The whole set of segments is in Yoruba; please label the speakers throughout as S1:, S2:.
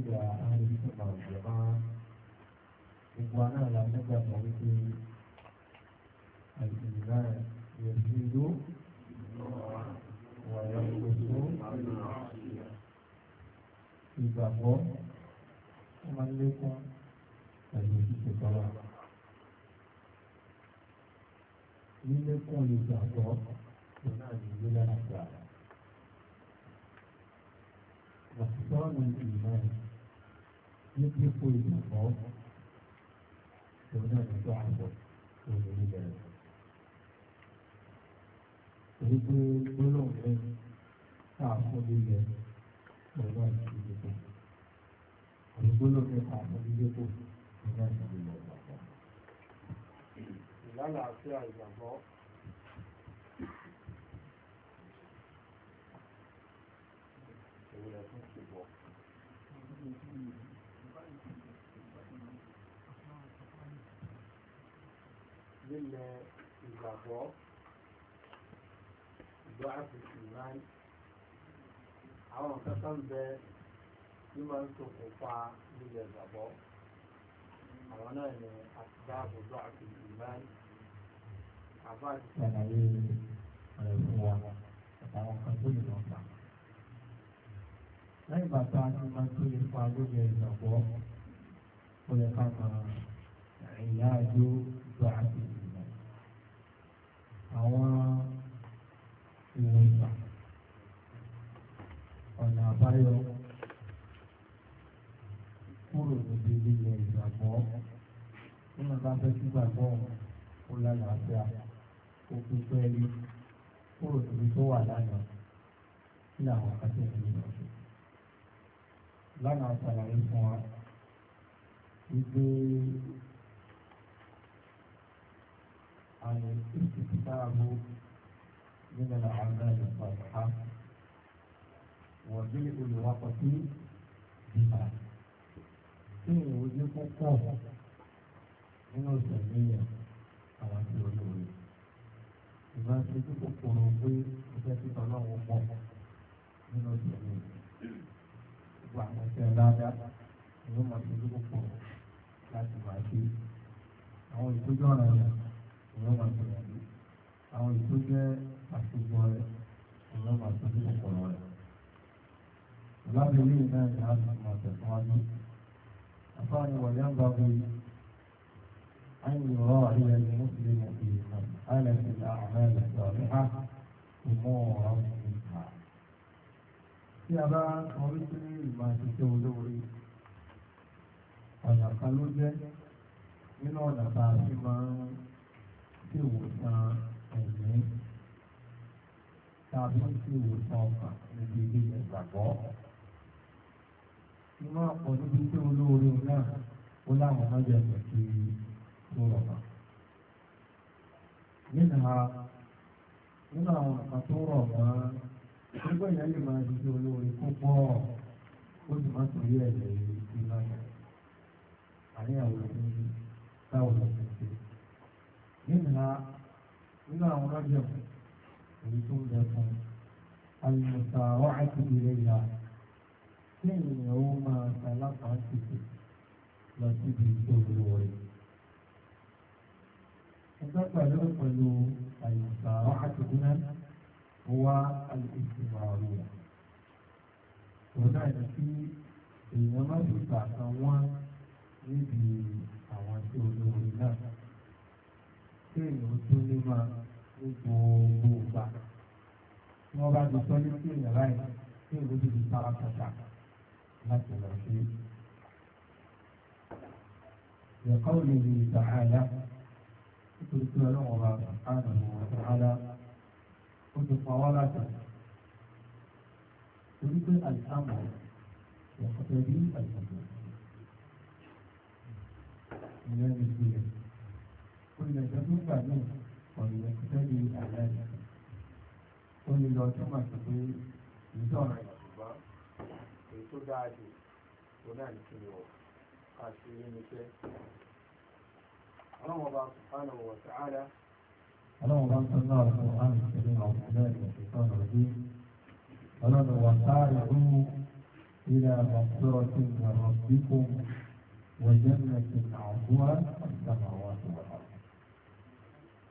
S1: àkídà àríṣùnà ìjọba gbogbo aná la nígbàgbọ́ wípé àìsìnlá yẹ sí ìlú wàyà gbogbo ìgbàgbọ́ ó máa lékún pẹ̀lú ìṣiṣẹ́ tọ́lá. Lílékún ìgbàgbọ́ tó náà ní ilé lára gbà. Wàsíkọ́ọ̀nù ìmọ̀ ẹ̀ nípò ìgbàgbọ́ òun náà ní tó àbọ̀ òun ní ìbẹ̀rẹ̀. Èyí pé gbólóhùn lẹ́yìn táà fún lílẹ̀ òun náà ní ìdìbò. Àwọn gbólóhùn lẹ́yìn táà fún lílẹ̀ kò òun náà ní ìdìbò ìgbàgbọ́. Ìlànà àti àìgbàgbọ́. nílẹ̀ ìgbàgbọ́ ìjọ àfihàn ìmáì àwọn kankan bẹ ní máa ń ṣokùnfà nílẹ̀ ìgbàgbọ́ àwọn náà ni àtijọ́ àbùdó àfihàn ìmáì àbá àti sàlàyé rẹ̀ fún wa àtàwọn kan tó lè lọ́ta. lẹ́yìn bàtà ni máa tó lè fa lóye ìgbàgbọ́ ó yẹ ká máa ìyá àjò gbà àti ìgbà àwọn ìwòsàn ọ̀nà àbáyọ kúrò níbi lílo ìgbàgbọ́ nínú bá fẹ́ kí gbàgbọ́ ó lálàáfíà ó pípẹ́ rí kúrò níbi tó wà lánàá kí làwọn akẹ́kọ̀ọ́ yìí lọ lánàá ṣàlàyé fún wa wípé. عن الاستكتاب من الأعمال الصالحة وملء الوقت بها kí ni ojú púpọ̀ nínú ìsẹ̀míyà àwọn àti olóore ìgbà tí ojú kòkòrò pé iṣẹ́ títọ́ lọ́wọ́ pọ̀ nínú ìsẹ̀míyà gbogbo àwọn iṣẹ́ dáadáa ni ó mọ̀ sí ojú kòkòrò láti máa ṣe àwọn ìtọ́jú ọ̀ràn yẹn èèyàn máa tẹ̀lé àbí àwọn ètò jẹ́ àṣejọ rẹ̀ èèyàn máa tẹ̀lé kòkòrò rẹ̀. lábẹ́lẹ́ náà ni a ti máa tẹ̀síwájú. àfáàní wọ̀lẹ́ ń bá wí أن يراعي المسلم في مسألة الأعمال الصالحة أمورا منها. يا بعد ورثني ما تتولوري ọ̀nà kan ló jẹ́ nínú ọ̀nà tá a fi máa ń sí ìwòsàn ẹ̀mí tàbí sí ìwòsàn ọkàn níbi ilé ìgbàgbọ́. Iná ọ̀pọ̀ níbi tí olóore náà ó láwọn ọmọdé ẹ̀sìn kí ó rọ̀mà. Nínú nínú àwọn nǹkan tó rọ̀ mọ́ nígbà yẹn lè máa di olóore kó pọ̀ ó sì máa torí ẹ̀jẹ̀ iná yẹn. Àníyàwó ló ń bá òun ṣe nínà nínú àwọn rájọ èyí tó ń bẹ fún àyùmọ̀tà ọ̀hún ti bèrè ìyá tí ènìyàn ó máa ṣàlápàá tètè lọ síbi tó lówó rẹ̀. ẹgbẹ́ pẹ̀lú pẹ̀lú àyùmọ̀tà ọ̀hún ti kúnná wá àlùkùsùmọ̀ọ́rùn. òun náà ní kí èèyàn má fi gbà kan níbi àwọn tó lówó náà kéèyàn tó ní máa ní gbogbo ìgbà tí wọ́n bá ti sọ ní kéèyàn láì kéèyàn tó ti sára kàkà láti lọ sí. Ìyàkọ́ mi ni ìtàhàyà nítorí pé ọlọ́run ọba àná ọ̀hánà ó ti pa wá láti. Torí pé àìsàmù ìyàkọ́ tẹ̀lé àìsàmù ìyẹn ní ìgbìyànjú olùdẹ̀jọ́ tó gbà náà ọ̀rọ̀ ìrẹ̀kùtẹ́ di àlàyé ó ní lọ tó máa tẹ̀lé ìjọra ìṣùgbọ́n èyí tó dáa jù tó náà ní kíni ọ̀ ká ṣe é ọba subhanahu wa àwọn ọ̀sẹ̀ ìṣẹ̀lẹ̀ ọ̀dẹ́ ọlọ́run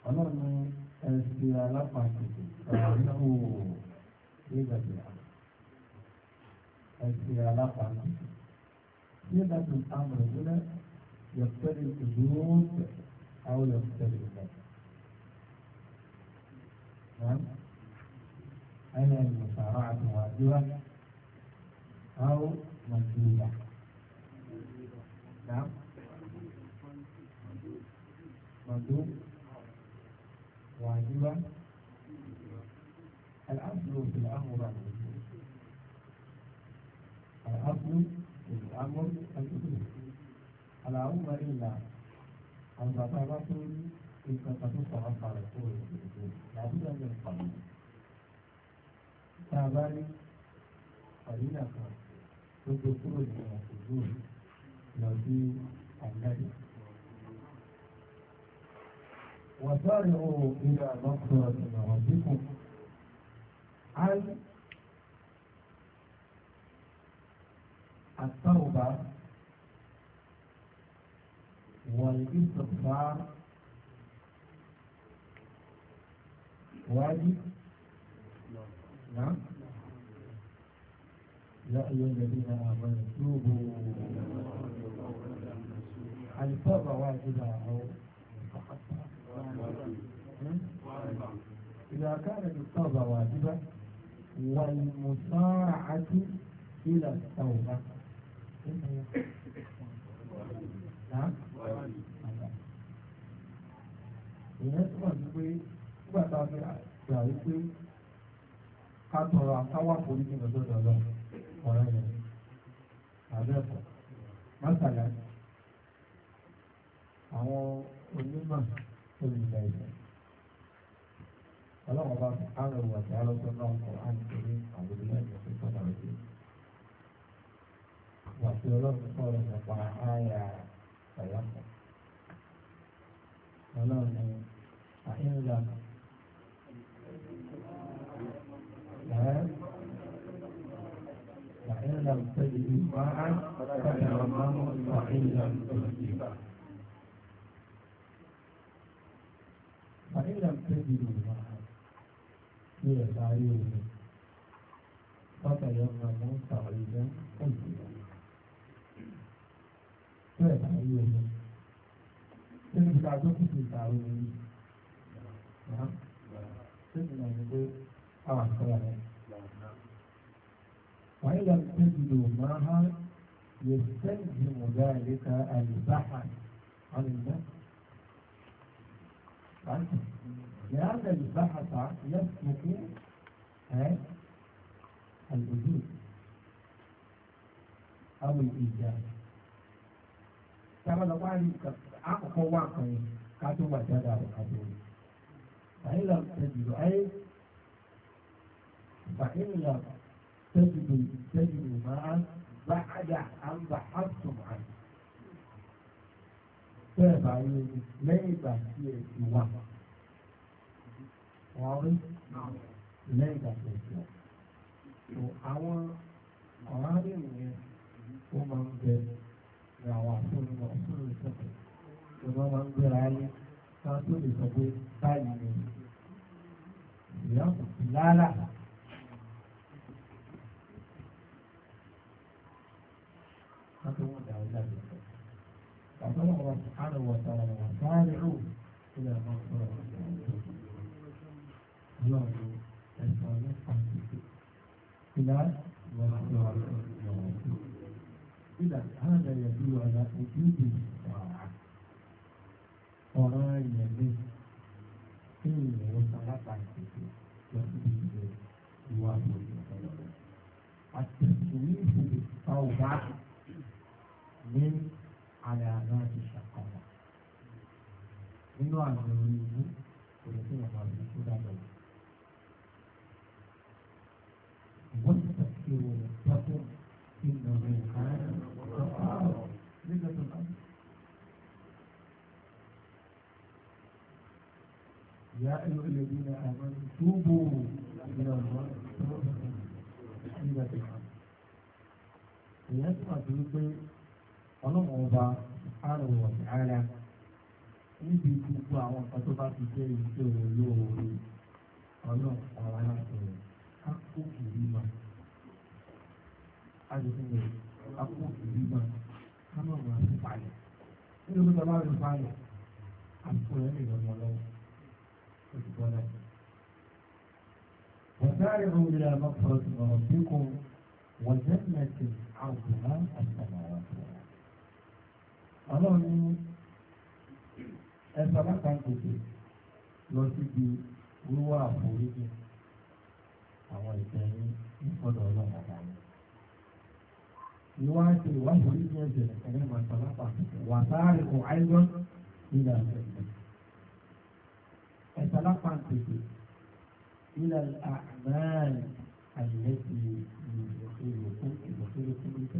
S1: ọlọ́run ẹ̀sìn alápàtì ọ̀rọ̀ nígbàgbé ẹ̀sìn alápàtì nígbàgbé àmọ̀ ìwúlẹ̀ yọ̀pẹ̀lẹ̀ ìdúróòtẹ̀ àwọn yọ̀pẹ̀lẹ̀ ìgbà. أين المسارعة واجبة أو مجهولة؟ نعم مجهول واجبا الأصل في الأمر الأصل في الأمر الأصول على أمة إلا البطارة تلك تتصل على الأصول لابد من القبول تابعي قليلا تدخل من الأصول لو في النبي وسارعوا إلى مغفرة من ربكم عن التوبة والاستغفار واجب نعم يا أيها الذين آمنوا توبوا التوبة واجبة أو إذا كان التوبة واجبة والمسارعة إلى التوبة نعم ìyẹn túmọ̀ sí pé nígbà tá a fi gbà wípé ká tọrọ àtàwà forí ní ìgbàsọ̀dọ̀ lọ ọ̀rẹ́ yẹn àbẹ́ẹ̀kọ́ mọ́tàlá àwọn onímọ̀ olùlẹ̀ ilẹ̀. ọlọ́run bá àrùn wà tí alọ́jọ́ náà kọ́ á ní torí àwọn olùlẹ̀ ilẹ̀ tó tọ́nà rẹ̀ dé. wà tí ọlọ́run sọ̀rọ̀ nípa àyà ọ̀yọ́kọ̀. ọlọ́run ni àyẹ̀wò فإن لم تجدوا ماء فتيمموا صحيحا طيبا فإن لم تجدوا معه هي تعيون فتيمموا صعيدا طيبا هي تعيون Sínú ìgbà tó kù sí ìtàrí ni yìí. Sínú ìgbà tó kù àwọn àkọ́yà rẹ̀. Wọ́n yẹ kí wọ́n ti lò máa ń yẹ طيب. لأن البحث عنه إيه؟ يسلك الوجود أو الإيجاد كما لو قال أقوى واقعي كاتب وجدها وكاتب فإن لم تجد أي فإن لم تجد تجد ما بعد أن بحثتم عنه bẹ́ẹ̀ bá yẹ ni lẹ́yìn ìgbà tí ẹ ti wà wọ́n rí lẹ́yìn ìgbà tí ẹ ti wà. tó àwọn ọ̀rá yẹn ó máa ń bẹ ní àwọn àfúnni ọ̀fúnni ìtọ́kẹ̀ tó wọ́n máa ń gbéra ayé ká tó lè sọ pé báyìí ni ìyá kò sí lálàá. Thank you àtọ́lọ́ ọ̀rọ̀ sùhánù wọ̀ sàrà wà sáré rò ilẹ̀ ọmọ sọ̀rọ̀ yóò lo ẹ̀sọ́ ọlọ́pàá ìlà wọ́n sọ ìlà hàdà àlàáfíà ṣàkàwà nínú àwọn orí ìlú kò lè fún ọmọ ìlú tó dájọ lọ. wọ́n ti tẹ̀sí wọn tọ́kọ sí ìdánwò ìkárẹ́ ọ̀pọ̀ nígbà tó bá. يا أيها الذين آمنوا توبوا إلى الله توبة إلى الحق. ليسمع ọlọ́run ọba àrùn ọ̀sẹ̀ ara níbi gbogbo àwọn nǹkan tó bá ti jẹ́ iṣẹ́ olóore ọlọ́run ọba láti rẹ̀ ká kó kìí mà á lè fún mi ká kó kìí mà ká má mà fi falẹ̀ nínú pé bàbá rẹ̀ falẹ̀ àpò rẹ̀ lè lọ́mọ lọ́wọ́ ó ti bọ́ láti. وسارعوا إلى مغفرة من ربكم وجنة ọlọ́run ní ẹ̀sọ́ alákan tètè lọ síbi wíwá àforíjì àwọn ìtẹ̀yìn nípọ̀dọ̀ ọlọ́run ọ̀gá mi. Ìwá ṣe ìwá àforíjì ẹ̀jẹ̀ ẹ̀rẹ́ máa sọ lápá wà sáárì kò áìgbọ́n nílẹ̀ àgbẹ̀. Ẹ̀sọ́ alákan tètè nílẹ̀ àgbẹ̀ àyẹ̀lẹ́sì ìlú ìlú fún ìlú fún ìlú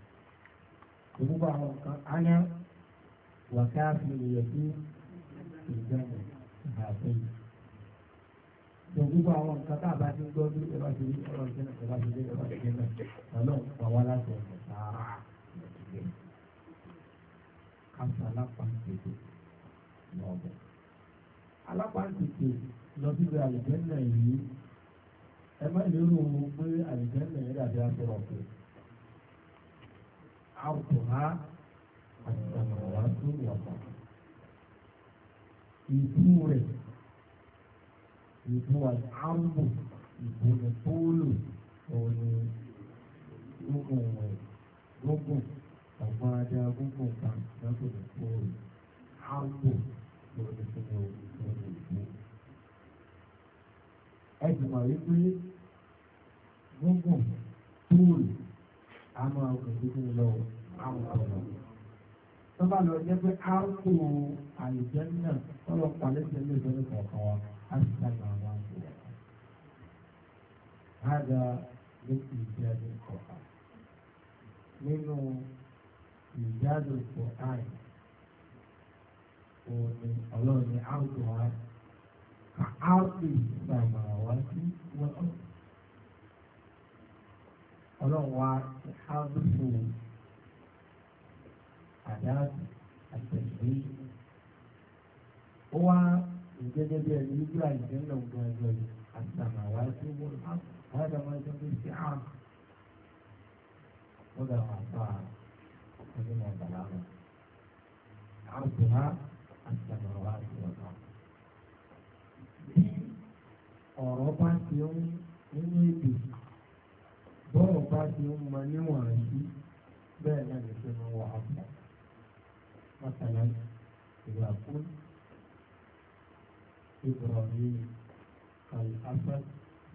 S1: gbogbo àwọn nǹkan aná wàká fi lè sí ìjọba àti gbogbo àwọn nǹkan tá a bá ti ń gbọ́ bí ẹ̀rọ ti rí ọ̀rọ̀ ìṣẹ́ náà ẹ̀rọ ti rí ẹ̀rọ ti rí náà ọ̀nà ọ̀pọ̀ wa láti ọ̀pọ̀ sáárà kàṣà alápàǹtẹ̀tẹ̀ lọ́ọ̀bẹ̀. alápàǹtẹ̀tẹ̀ lọ síbi àlùjẹ́ yìí ẹ má lérò pé àlùjẹ́ náà dàbí aṣọ ọ̀pẹ̀ àbùhá àtàwà tó wà pa. Ìbú rẹ̀ ìbú àbù ìbú ni póòlù òní gbogbo rẹ̀ gbogbo ọ̀pá ajá gbogbo kan lọ́tọ̀ ní póòlù. Àbù lórí fúnni lórí ìbú. Ẹ ti mọ̀ wípé gbogbo póòlù a máa wọ̀ nínú lọ àwọn ọ̀rọ̀. tó bá lọ jẹ́ pé a kò àìjẹ́ náà tọ́lọ̀ palẹ́ sí ilé ìjọba kọ̀ọ̀kan wa a sì ká àwọn àjò. Hádà ni a kò áì kà ọlọ́run wa ṣáàbùsù àdáàbù àtẹ̀sí ó wá gẹ́gẹ́ bí ẹni wípé àìsàn ń lọ gbọ̀ngàn àtàmà wá sí wọn láti àwọn ẹjọ́ bí sí àmà ó dà wọn àpá onímọ̀ bàlámà àbùhá àtàmà wá sí ọ̀nà. bí ọ̀rọ̀ bá ti ń nínú èdè bọ́ọ̀ bá ti ń mọ níwọ̀n rẹ̀ sí bẹ́ẹ̀ náà lè ṣe mọ wọ àpọ̀ mọ́tàlá ìlú àpò ibrahim al-asad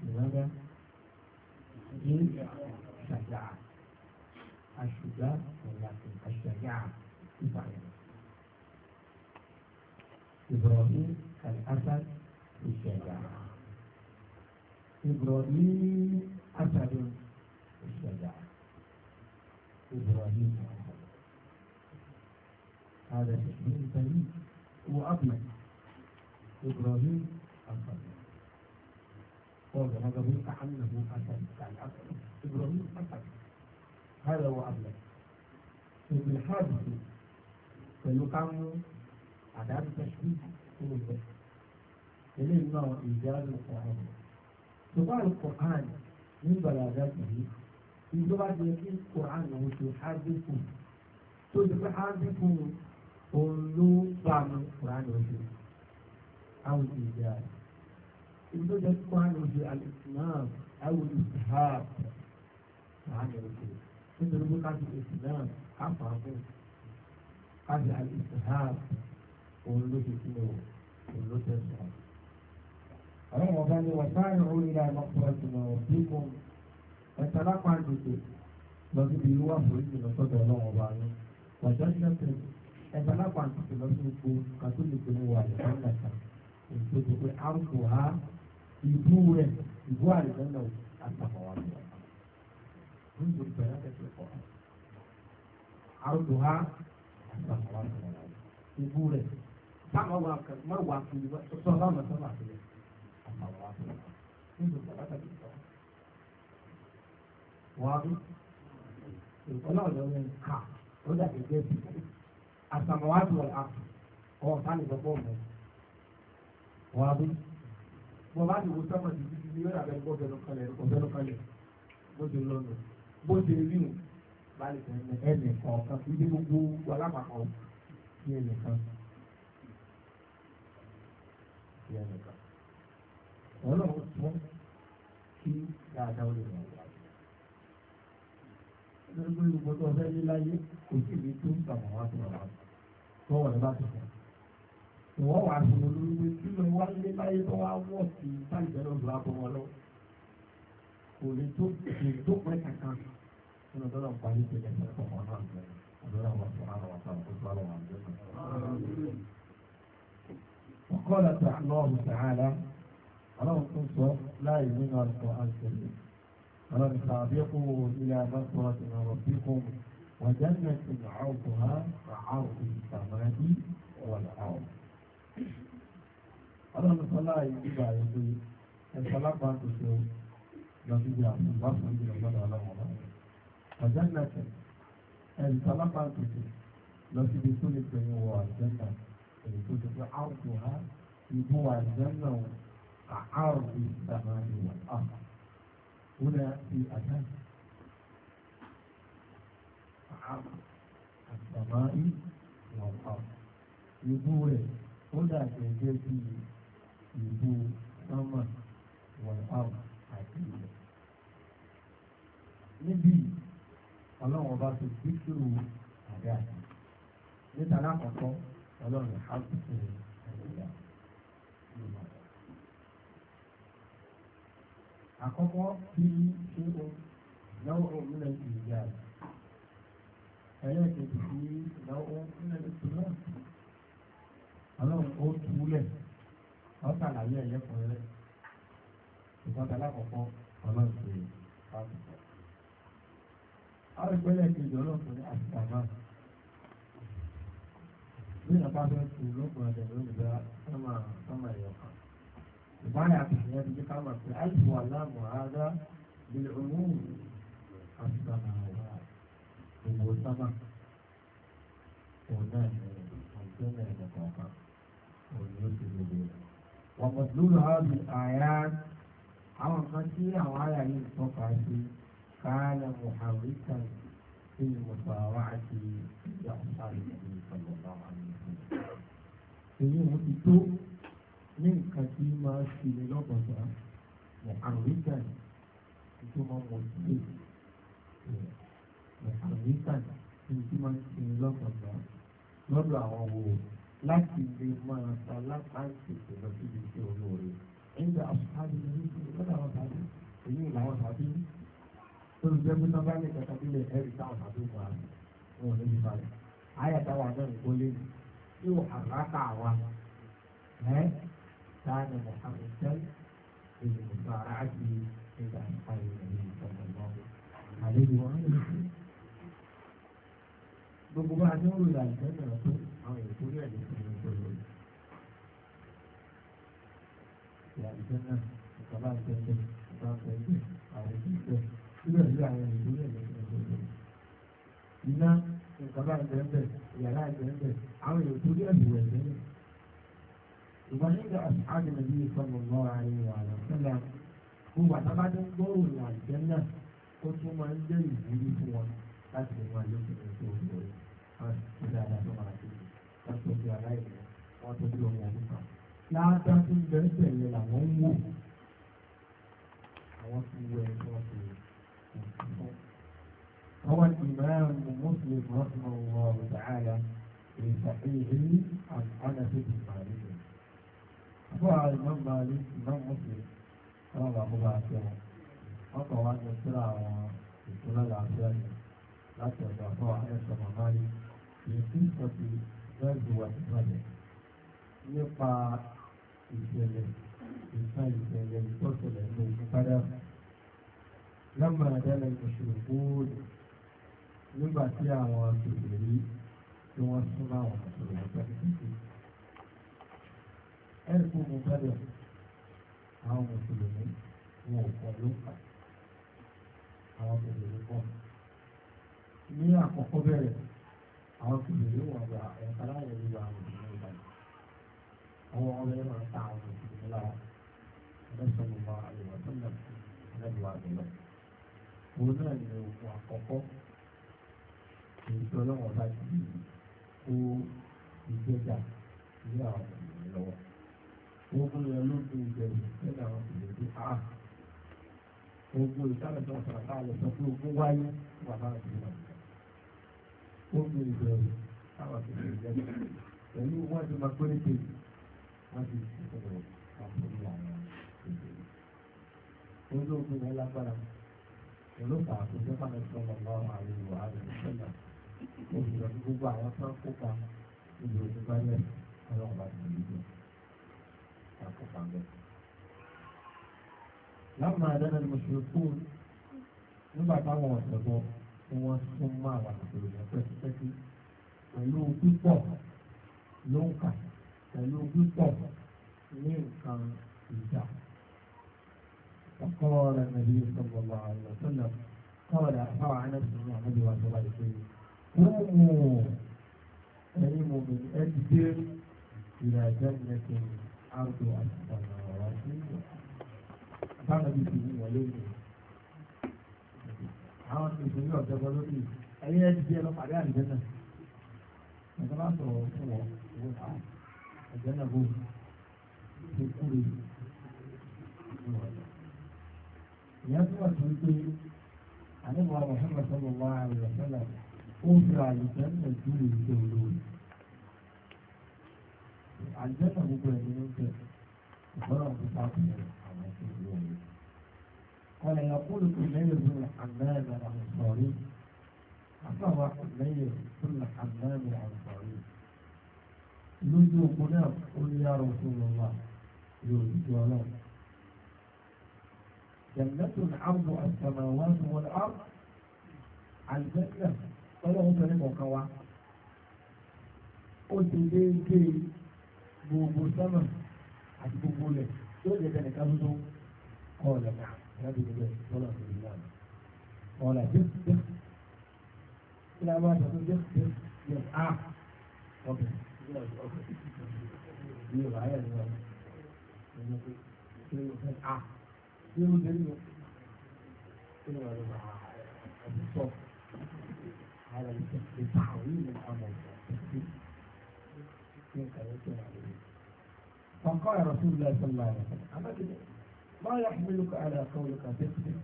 S1: ìrẹ́bẹ́ ní ṣàjà àṣùgbà ìlàkùn àṣàjà ìbàyẹ̀ ibrahim al-asad ìṣẹ̀dá ibrahim asadun. الشجاعة إبراهيم هذا تشبيه ثاني وأبلغ إبراهيم الخليل قال طيب، هذا هو عنه أسد يعني أسد إبراهيم أسد هذا هو أبلغ ابن الحادث فيقام عدم تشبيه ثم إليه ما إيجاد القرآن سؤال القرآن من بلاغاته ìjọba jẹ kí Quran òun ṣe ádìkù tó ṣe pé ádìkù òun ló bá mu Quran òun ṣe àwọn ìgbà ìjọba jẹ kí Quran òun ṣe alìsìmáàmù àwọn ìsìháàbù Quran òun ṣe nítorí ọ̀gá ni wọ́n sáré orí ra ẹ̀mọ́ pọ̀ ẹ̀sìn ẹ̀ka lápá àgbègbè lọ síbi irú àforíjì lọ́sọ̀dọ̀ ọlọ́run ọba yín ọ̀jọ́ ìjọ́sìn ẹ̀ka lápá àgbègbè lọ sí gbogbo kàtólìkì ní wà lẹ́sẹ̀ kan èso tó pé àrùkù á ìbú rẹ̀ ìbú àrìsẹ́nà àtàkọ̀wá lọ. Nígbà tó bẹ̀rẹ̀ kẹ́kẹ́ kọ́ àrùkù á àtàkọ̀wá lọ. Ìbú rẹ̀ táwọn wà kàn má wà kiri sọ́ọ́ bá wọn sọ́ọ́ bá kiri wàbí ìfọlọ́ọ̀lọ́ ní ká ó dàbí jẹ́ bí àsàmọ̀wádìí wọ̀lá ọwọ́ sáà nìkan fún ọmọ wàbí bọ́ bá ti wo sọ́mọ̀ ti di ibi yóò dàbẹ́ bó bẹ̀rù kalẹ̀ kò bẹ̀rù kalẹ̀ bó ti lọ́nu bó ti rí nù bá lè tẹ̀lé ẹnì kọ̀ọ̀kan ibi gbogbo alápapọ̀ sí ẹnì kan sí ẹnì kan ọlọ́run fún kí dáadáa ó lè gbogbo ìgbò tó ọ̀fẹ́ ní láyé kò sí ìwé tó ń tàwọn wá sí ọ̀la tó wọ̀ lọ́ba tó fẹ́. ìwọ́n wà fún olórí tí mo wá lé láyé tó wá wọ̀ sí táìpẹ́ ló bá bọ́ wọn lọ. kò lè tó kò tó pẹ́ kankan nínú tó lọ ń parí ìpínlẹ̀ fún ọkọ̀ wọn náà jẹ́ àdúrà wọn fún àwọn àwọn àwọn tó lọ wọn jẹ́ وقال الله تعالى الله تنصر لا يؤمن القرآن الكريم رب سابقوا إلى مغفرة ربكم وجنة عرضها كعرض السماء والأرض Ọlọ́run sọ́lá ìgbà ìgbé ẹ̀sọ́lá bá tó ṣe lọ́sídì àtúnbá fún ìgbà ọ̀gbọ́dọ̀ ọlọ́wọ́lá. Ọ̀jẹ́nàtẹ̀ ẹ̀sọ́lá bá tó ṣe lọ́sídì tó lè pẹ̀lú wọ àjẹ́nà èyí tó ṣe pé áwùjọ ha ìbú àjẹ́nà àárùn ìsàmà ìwà áhùn. هنا في أذان السماء والأرض يبوه هنا كيجي يبو السماء والأرض حكيمة níbi ọlọ́run ọba tó díkìrù àdé àti níta lákọ̀ọ́kọ́ ọlọ́run àbùkù ẹ̀yà ló máa àkọ́kọ́ bí ṣe o lọ́wọ́ mílẹ̀ ìjà ẹlẹ́ẹ̀kejì sí lọ́wọ́ mílẹ̀ ìpínlẹ̀ ọlọ́run ó túlẹ̀ ọ̀sàlàyé ẹ̀yẹ́kùnrin ìfọ̀tà lákọ̀ọ́kọ́ ọlọ́run ṣe pàtàkì. àwọn ìpínlẹ̀ kejì ọlọ́run ṣe àtìkàmá ní ìrọ̀pá fẹ́ tu lọ́kùnrin ẹ̀dẹ̀ lónìí bá sọ́mà sọ́mà ẹ̀yọ̀kan báyà kò ní ẹni ká wà pé àìsàn wà láàmú ara lè òun àtúntàmà wà gbogbo sábà òun náà ní ọjọ́ mẹ́rin kọ̀ọ̀kan òun ni ó ti gbogbo rẹ̀. wọ́n mọ̀ lórí ọ̀rọ̀ àyà àwọn kan tí àwọn àyà yìí ń tọ́ka sí káàlà muhammed في المسارعة إلى أصحاب النبي صلى الله عليه وسلم ní nǹkan tí máa ṣe lọ́gbọ̀dá àríkàn tó máa mọ̀ sílẹ̀ àríkàn tí máa ṣe lọ́gbọ̀dá lọ́dọ̀ àwọn wo láti lè máa ta lápáǹtì lọ sí ibi olóore ẹgbẹ́ àṣùkáàdì ní ibi lọ́dọ̀ àwọn tàbí èyí làwọn tàbí olùgbẹ́gbẹ́ náà bá lè kẹta nílẹ̀ ẹ̀rí táwọn tàbí wọn wọn lè fi balẹ̀ ayàtàwọn náà ń kólé ní ìwọ̀n àràkà wa ẹ́. كان محرسا بالمسارعة عند أصحاب النبي صلى الله عليه وآله وسلم gbogbo bá a ní òru la ìfẹ́ náà tó àwọn ìkórè ẹ̀ lẹ́sìn ní ìṣòro ìyá ìfẹ́ náà ìkàbá ìfẹ́ bẹ́ẹ̀ ìkàbá ìfẹ́ bẹ́ẹ̀ àwọn ìfẹ́ bẹ́ẹ̀ sí àwọn ìkórè ẹ̀ lẹ́sìn ní ìṣòro iná ìkàbá ìfẹ́ bẹ́ẹ̀ ìyàrá ìfẹ́ bẹ́ẹ̀ àwọn ìkórè ẹ̀ lẹ́sìn ní ìṣòro. وعند أصحاب النبي صلى الله عليه وعلى وسلم هو طبعا دور الجنة قلت ما عنده يجيب هو أكل ما يمكن أن يكون لا لا تمارسي تقول يا غير وتقول يا مكة لا تكن بنت إلا مم هو الإمام مسلم رحمه الله تعالى في صحيحه عن أنس بن Imam Malik Imam Muslim wọn bá kó bá a fẹ́ wọn wọn kàn wá ní síra àwọn ìtura làásìá yìí láti ọ̀dọ̀ àfọ ẹ̀sọ̀ màmá yìí kìí sí ìsọ̀tì lẹ́ẹ̀dù wà nígbàdàn nípa ìṣẹ̀lẹ̀ ìta ìṣẹ̀lẹ̀ ìtọ́sẹ̀lẹ̀ ní ìpadà lọ́mọ àdálẹ̀ nígbà tí àwọn kìkìrí tí wọ́n sún láwọn ìṣòwò pẹ̀lú ẹ̀kún mi gbọ́dọ̀ àwọn mùsùlùmí wọn ò kọ́ ló kà àwọn mùsùlùmí kọ́ ní àkọ́kọ́ bẹ̀rẹ̀ àwọn mùsùlùmí wọn gba ẹ̀ka láyé nígbà àwọn mùsùlùmí báyìí àwọn ọmọ yẹn máa ń ta àwọn mùsùlùmí lára ẹlẹ́sọ̀rọ̀ wa àyẹ̀wò tó ń lọ ẹlẹ́dùn àgbẹ̀lọ òun náà ní òkun àkọ́kọ́ èyí tó lọ́wọ́ bá ti kó ìgbéga ní àwọn mùsùlùmí lọ́wọ́ gbogbo yẹn ló gbé ìbẹ̀rù nínú àwọn ìbẹ̀rù tó a gbogbo ìsàlẹ̀ tó sọ̀rọ̀ lọ sọ pé ogún wáyé wà lára ìbẹ̀rù gbogbo ìbẹ̀rù àwọn ìbẹ̀rù pẹ̀lú wọ́n ti máa gbé níbi wọ́n ti sọ̀rọ̀ àpòlù àwọn ìbẹ̀rù gbogbo ogún yẹn lágbára pẹ̀lú pàtó nípa ẹ̀sọ́ lọ́wọ́ àwọn ìwà àti ìṣẹ̀lẹ̀ òṣèlú gbogbo àwọn tó ń kópa ìbẹ̀rù tó bá ọlọ́run bá ti lè تحقق عن ذلك لما لنا المشركون نبع táwọn ọ̀sẹ̀bọ tí ما sún mọ́ àwọn àgbèrè yẹn pẹ́kípẹ́kí pẹ̀lú pípọ̀ ló ń kà pẹ̀lú فقال النبي صلى الله عليه وسلم قال أخبر عن نفسه محمد وعلى الله عليه قوموا أنموا من أجل إلى جنة àrùn àtàwọn báwọn ibi tí wọ́n lé ní àwọn ìpínlẹ̀ ọ̀jọ̀gbọ́n lórí ẹ̀yìn ẹ̀ ti ẹ̀rọ pàdé àlùjẹ́ náà ẹ̀jẹ̀ bá sọ̀rọ̀ fún wọn ìwé ta ẹ̀jẹ̀ náà bò ṣe kúrè ìyá tó wà sí pé àníwá Muhammad sallallahu alaihi wasallam ó fi àlùjẹ́ náà dúró ìjọ olóòrùn àjẹ́nà gbogbo ẹ̀mí ló ń tẹ̀ ìgbọ́nà tó sáàbù àwọn tó ń lò ó. قال يقول أمير بن حمام الأنصاري أخبر أمير بن حمام الأنصاري lójú okun náà ó ní yá Rasulullah yóò dúdú ọlọ́run. jannatu al-ardu as-samawati wal-ardu àlùbẹ́sẹ̀ ọlọ́run fẹ́rẹ́ kọ̀ọ̀kan wa. ó ti déédéé gbogbo sẹ́mà àti gbogbo lẹ̀ tí ó jẹ́ bẹ́ẹ̀ nìkan tó kọ́ ọ̀lẹ̀ náà láti ní bẹ́ẹ̀ tọ́lá tó ní náà ọ̀là jẹ́sìjẹ́ kí ni a máa sọ pé jẹ́sìjẹ́ yẹ á ọbẹ̀ ní ọ̀rọ̀ ayé ni wọ́n ní pé ṣé o fẹ́ á ṣé o lè lò ṣé o lè lò ọ̀bùn sọ على الاستطاعة من الأمر في كيف يمكن فقال رسول الله صلى الله عليه وسلم ما يحملك على قولك تكذب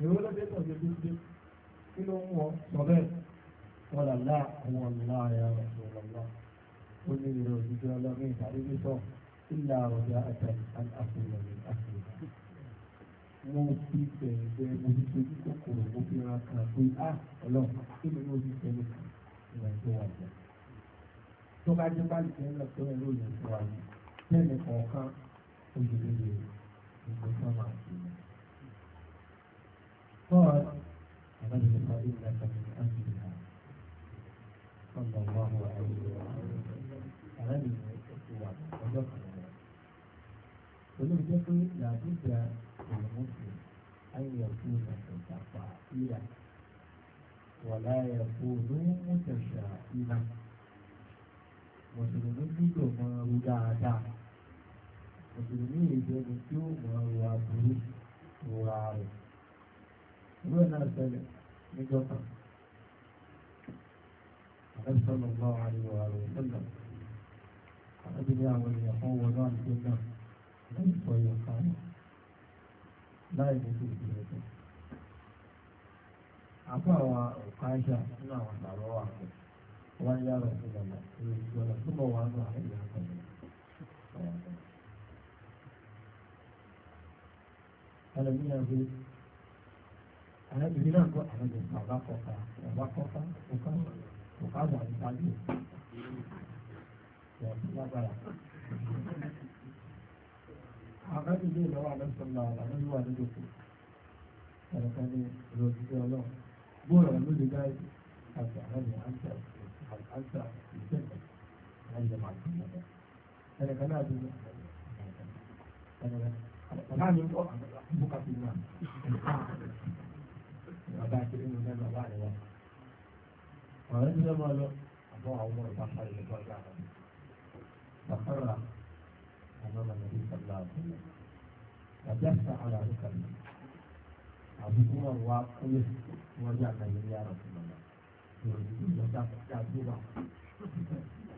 S1: يقول لك أنت بتكذب كده هو صغير ولا لا هو الله يا رسول الله قل لي رسول الله غير تعريفه إلا رجاءة أن أكون من أهلها mo fi bẹ̀rẹ̀ mo fi sojú kòkòrò mo fi ra kan pé a ọlọ́run kí ni mo fi tẹ̀lé kan ìwà ìjọba ìjọba tó bá jẹ́ bá lè tẹ̀lé lọ́tọ́ ẹ̀ lóye ìjọba yìí tẹ́lẹ̀ kọ̀ọ̀kan ojúlóye ìgbésọ̀mà ìlú. Tọ́wọ́ àbájáde sọ ìlú àtàkì àjùlá ọ̀gbọ̀n wà wà ayélujára. Àrẹ́bí ti wà ọjọ́ kan lọ. Pẹ̀lú ìjẹ́ pé làbújá ìlúmọ̀sí ayẹ̀kú ìrìnàjò ìjàpá ìyà wọ̀lá ẹ̀kú olóńgbò tẹ̀sà ìlà mùsùlùmí ìjẹni tí ó mọ̀ ìwà burú ìwà rẹ̀ ìwé náà ṣẹlẹ̀ níjọba àdásọ́nà bá wà ní ìwà rẹ̀ sọ́nà àti ní àwọn èèyàn kan wọ náà tó náà lẹ́yìn fọ ìwà kan láì ní kí ìpínlẹ̀ tó. àpò àwọn ọ̀ka ìṣà nínú àwọn àgbàrọ̀ wà pẹ̀ wọ́n yára sí ìlànà ìròyìn ìjọba tó bọ̀ wà ní àwọn ìlànà ẹlẹ́mí náà gbé náà gbọ́ àwọn ìgbà ọ̀gá kọ̀ọ̀kan ọ̀gá kọ̀ọ̀kan ọ̀kan ọ̀kan wà ní sáájú ìyàtí lágbára. àwọn ìdílé ìlọ́wọ́ àlọ́sọ̀lá ọ̀la lórí wà lójú kù ẹ̀ẹ̀kan ní ìròyìn ọlọ́run gbọ́ọ̀rọ̀ ló lè dáì àti àwọn àǹtà àǹtà ìṣẹ̀lẹ̀ ẹ̀yẹ̀ màá ẹ̀ẹ̀kan náà dúró ẹ̀ẹ̀kan náà bàbá mi kọ́ àbúkà fi wà bàbá kiri mi mẹ́rin bàbá rẹ̀ àwọn ọmọ ìbá sáré lọ́gbọ́n ìgbà rẹ̀. bàbá أمام النبي صلى الله عليه وسلم فدس على ركبه أبو عمر واقف ورجع يا رسول الله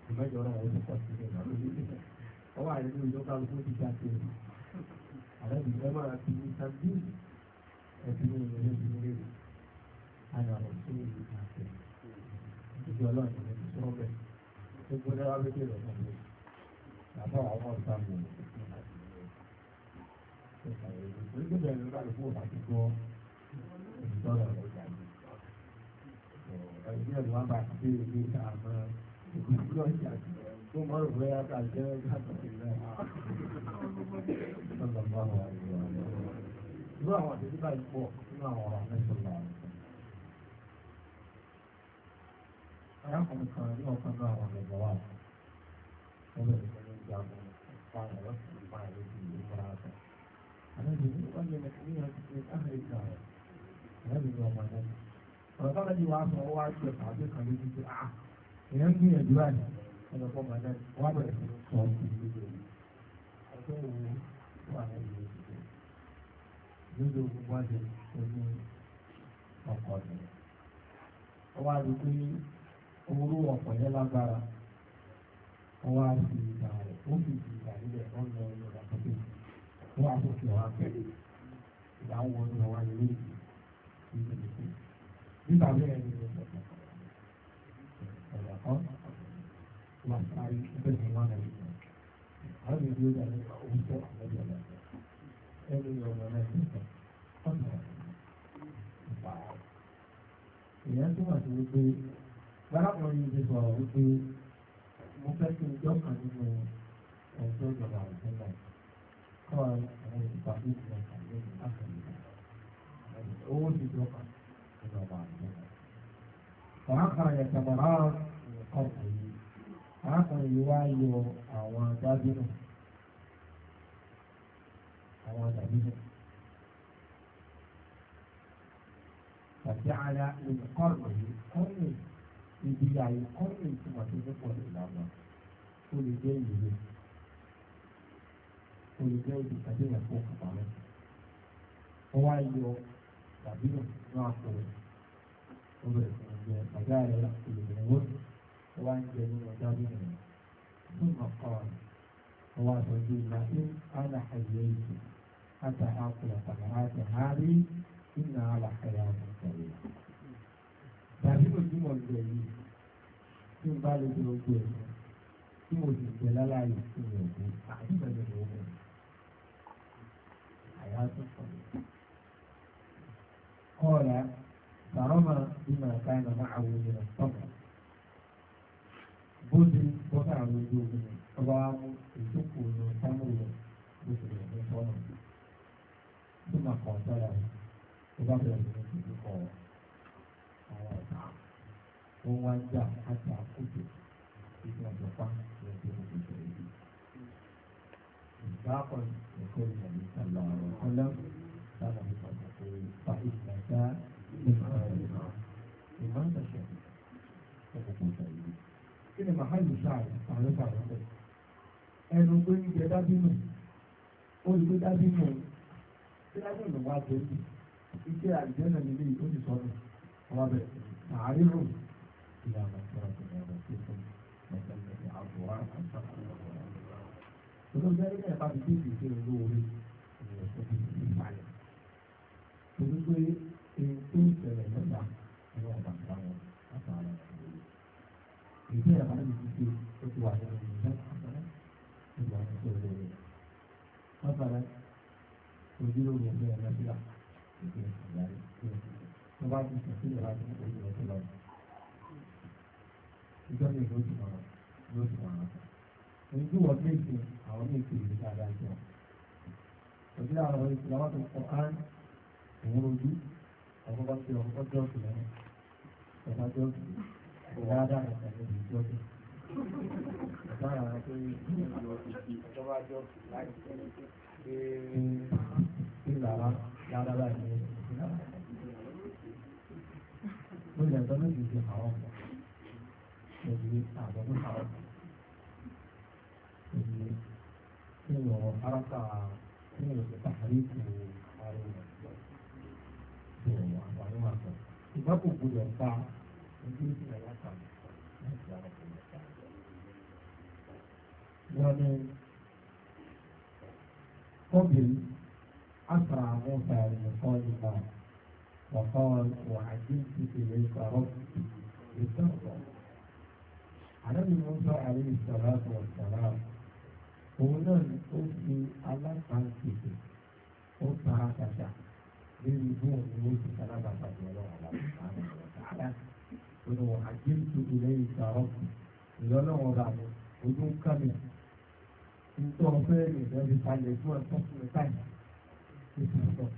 S1: Ìmọ̀jọ́ ọ̀rọ̀ ọ̀hún ti pọ̀ sí i. Ọwọ́ àìlú ìjọba ló fún ti jáde àlẹ́ àwọn sí ìlú mi àbọ̀ àwọn ọ̀sán mi bá lè fún òun àti gbọ́ ìdọ́rọ̀ rẹ̀ jáde ẹ̀yìn ìlú wa bá ti dé ilé ìta àmọ́ ìgbésẹ̀ ìlú tó mọ́ rò bóyá ká ọ̀rọ̀ mẹ́sàn-án láàrín. Arákùnrin kan ní ọ̀kan náà àwọn ọ̀gbẹ̀gbẹ̀ ṣe pàdé èèyàn ń gbìyànjú láti ẹnu fún ọmọ náà wọ́n bẹ̀rẹ̀ sí sọ sí lójú omi ọjọ́ wo wà lẹ́yìn òṣìṣẹ́ lójú omi wọ́n ṣe oní ọkọ̀ mi ó wá rí pé owó ọkọ̀ yẹn lágbára ó wá sí ìgbà rẹ̀ ó fi di ìgbà nílẹ̀ ó lọ ìgbà tó dé wọ́n á tó fi ọ̀rá pẹ̀lú ìgbà ń wọ́n lọ wá lórí ìgbà nígbà bẹ́ẹ̀ ni ó sọ̀rọ̀ ọ̀rọ̀ kan masari bẹ́ẹ̀ wọn náà àwọn èdè ó dà nípa orúkọ àlejò ẹni ọ̀nà náà ti sọ ọ̀nà ìgbà èèyàn tó wà sí wípé gbáràpọ̀ yìí ti sọ̀rọ̀ wípé mo fẹ́ kí n jọ́kà nínú ọ̀dọ́ ìjọba àwùjọ náà kọ́ àwọn ìpàdé ìjọba àwùjọ náà àkàlẹ̀ owó ti jọ́kà nínú ọ̀dọ́ ìjọba àwùjọ náà. وعقر يتبرار من àákàn yìí wá yọ àwọn dábìnà àwọn dàbínú tàbí ara ìkọ́rùn yìí kọ́rùn ibi àyè kọ́rùn ìtumọ̀ tó ní pọ̀ ìlànà ó lè jẹ́ ìwé ó lè jẹ́ ibi tàbí ẹ̀fọ́ kàbàrọ̀ ó wá yọ dàbínú náà kúrò ó bẹ̀rẹ̀ fún ẹgbẹ́ ọ̀gá rẹ̀ ìlú ìrẹ̀wọ̀n. وعن جميع ثم قال الله سبحانه لكن أنا حييت حتى عقل ثمرات هذه إن على حياة طويلة تابعين جمع الجليل ثم قال الجليل ثم جلال الله يسكن يوجد أعجب الجليل حياة طويلة قال فرمى بما كان معه من الصبر bó ti bọ́ ojú omi ọba wa ìjókòó ní sámú bó ti rẹ̀ ní sọ́nà tó máa kàn sára rẹ̀ tó bá bẹ̀rẹ̀ ní ojú kọ̀ àwọn ọ̀tá wọn wá jà àti àkójọ ìdí ọ̀dọ̀ pa ní ọjọ́ ìgbésẹ̀ yìí. Ìgbàkọ̀ ẹ̀kọ́ ìyàwó ìtàlá ọ̀rọ̀ kọ́lá sábà ní pàtàkì pa ìgbàdá ìgbàdá ìgbàdá ìgbàdá ìgbàdá ìgbàdá kí ni màá yìí sáàrì àwọn sáàrì ọ̀pẹ ẹnu pé ń jẹ dábínú olùgbé dábínú tí dábínú wà tó ń iṣẹ́ àìjẹ́nà nílé ó ti sọ́nù wọ́n bẹ̀ sàárì rò ìyá àwọn ọ̀pẹ̀rẹ̀ ọ̀pẹ̀rẹ̀ ọ̀pẹ̀rẹ̀ tó ń bẹ̀rẹ̀ àbúrò olóògbé ẹgbẹ́ ẹ̀ka fi déèdì sí olóore ìrìn tó ti fi falẹ̀ torí pé èyí tó ń ṣẹlẹ̀ lọ́jà ni wọ́n bá ń bá wọn ìdí ẹ̀rọ àti ìdíje ó ti wà lórí ìjọ ìgbà tó lè wọ́n fara ojúlówó ẹgbẹ́ ẹ̀rọ sílá ìdí ìyáre wọ́n bá ti sùn sílẹ̀ láti ní ojú ọtí lọ. ìjọ mi ló ti ló ti mọ̀ràn. èyí tí wọ́n méjì àwọn àwọn ọmọ ìsìn làwọn tó kọ án òun rojú ìlàdà rẹ̀ pẹ̀lú ìjọ bí. Bàbá àwọn tó ń bí ìlọ ìdí ìjọba jọ láì ṣe ìlàrá dáadáa ní ìlàrá. Mo lè sọ méjì sí àwọn ọ̀pọ̀. Mo lè àwọn ọmọ àwọn ọ̀pọ̀. Mo lè nínú aráta nínú ìpàdé àríkù àrùn ìgbà kò gbọdọ̀ ta wọ́n ní kóbìnrin asra musa ìmọ̀sọ́lùmọ̀ wọ́n wà àjíǹkì ìlú ìkọ̀rọ̀ ìtọ́kọ̀. àdébí musa àríwí sọ̀rọ̀ ọ̀sọ̀rọ̀ òun náà ni ó fi alákàntìkì ó tara kàṣà lórí bóun ni ó ti sálábà pàdé ọlọ́run àlàkùnrin àwọn إنه حكمت إليك ربي لنا وضعنا ودون كمية انت وفيري ده بيتعلي فوق الفصل تاني بيتعلي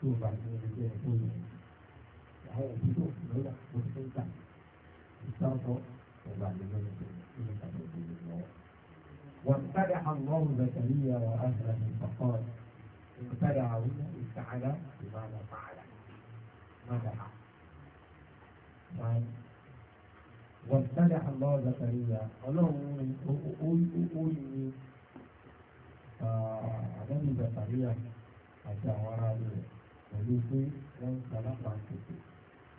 S1: شو بعد ما بيجي يقول هو بيتو ملا مستنتع بيتعلي وبعد ما بيجي وابتدع الله زكريا واهله فقال ابتدع هنا افتعل بماذا فعل مدح wọ́n sálẹ̀ àlọ́ zakariya ọlọ́run oyin àdánù zakariya àti àwọn ará rẹ̀ pẹ̀lú pé wọ́n ń sálápá tètè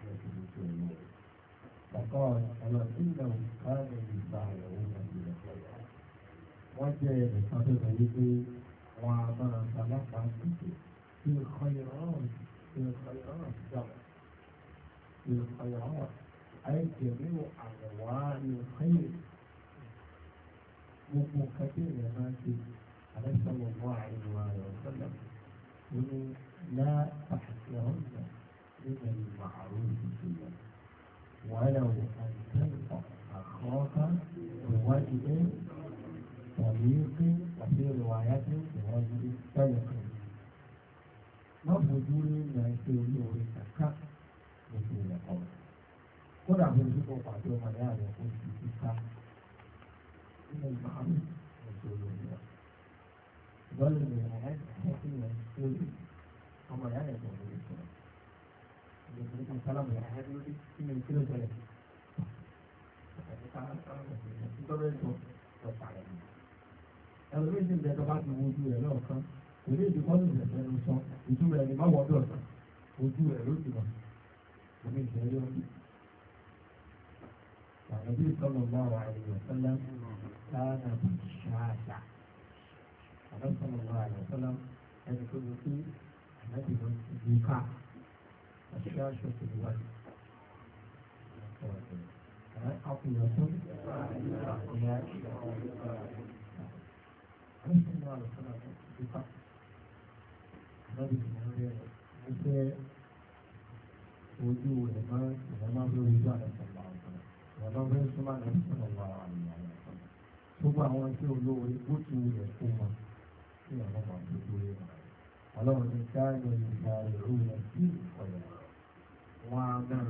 S1: lọ́sùn lóṣù ẹ̀yọ́ rẹ̀. Bàbá ọlọ́sìn náà káàdì ìgbà ìyàwó náà ti lọ ayé jẹ̀míwò àwọ̀wá ni ó káyè gbogbo nǹkan tí èèyàn máa ń ṣe àlẹ́sọ̀rọ̀ mọ́ àìlúwa rẹ̀ ọ̀sọ́lẹ̀ ó ní lá pàṣẹ ọ̀nà nínú ìwà àrùn ìṣòro wàhálà wò àìsẹ́ǹtọ̀ àkọ́ọ́ká ìwádìí ẹ̀ tàbí pé àti ìrìnwáyá tí ó tẹ̀wájú tẹ́lẹ̀ kan má fojú rí ìrìn àìsí orí orí kàkà gbogbo ìrẹ̀kọ̀ọ́. có mà mà cũng cái cái cái đó là là người kódà bí ojú kọ pàdé ọmọ ìyá rẹ̀ kó ti ti ká nínú ìbámu ìṣòro ìyá lọ́lẹ̀ ní người ẹ̀kọ́ sí ìyẹn lórí ọmọ ìyá rẹ̀ kò lórí sọ̀rọ̀ ìgbésẹ̀ kan sálámù ìyá rẹ̀ lórí kí ni kí ló tẹ̀lé ẹlòmíì sì ń bẹ tó bá ti wo ojú rẹ̀ lọ́ọ̀kan kò ní ìdíkọ́ ní ìbẹ̀fẹ́ ló sọ ojú rẹ̀ ni má wọ́n dọ̀tà ojú rẹ̀ ló ti mọ̀ omi ìṣẹ̀lẹ̀ ọdún. النبي صلى الله عليه وسلم كان بالشاشة النبي صلى الله عليه وسلم كان يقول في النبي بالبقاع الشاشة في الوجه عقيدة ولا النبي الله عليه وسلم بقاع النبي صلى الله عليه وسلم ojú rẹ̀ máa ń lórí ojú àlẹ́ sọ̀rọ̀ ọlọ́run súnmọ́ ní ìṣẹ̀lẹ̀ wà àmì àyẹ̀kọ́ gbogbo àwọn iṣẹ́ olóore ó ti wulẹ̀ fún wọn kí àwọn máa tó lórí wọn ọlọ́run ní káyọ̀ ìgbà ìró yẹn sí ìkọlẹ̀ wọn á náà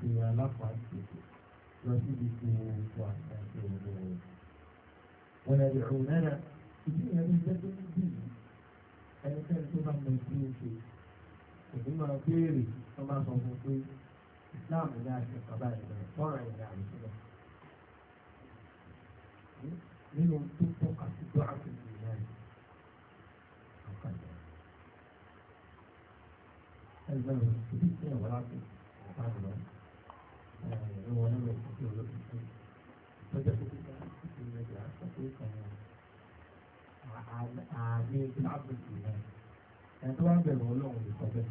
S1: ṣe aláfàáṣe lọ síbi tí wọn kó àṣà iṣẹ́ olóore wọn yẹ ìró náírà ìdí yẹn ní jẹ́ pé níbí ẹnikẹ́ni tó bá mọ ìdí oṣù òbí máa béèrè wọn bá sọ fún pé ìsìláàmù ní àṣẹ kaba ìbẹ̀rẹ̀ fọ́nrán ìyá àìsílẹ̀ nínú tó tọ́ka sí dọ́ra tó ti yá yìí ọ̀kadà ẹgbẹ́ mi ìdí tí ẹ̀ wọ́n á fi ọ̀pá lọ ẹ̀ wọ́n lọ sí ti olókìkí lọ́jọ́ tó ti ká sí ti lẹ́gbẹ̀ẹ́ àṣọ pé kàn án àmì ìlú àbùkù náà ẹ̀ tó wá bẹ̀rẹ̀ ọlọ́run lè sọ bẹ́ẹ̀.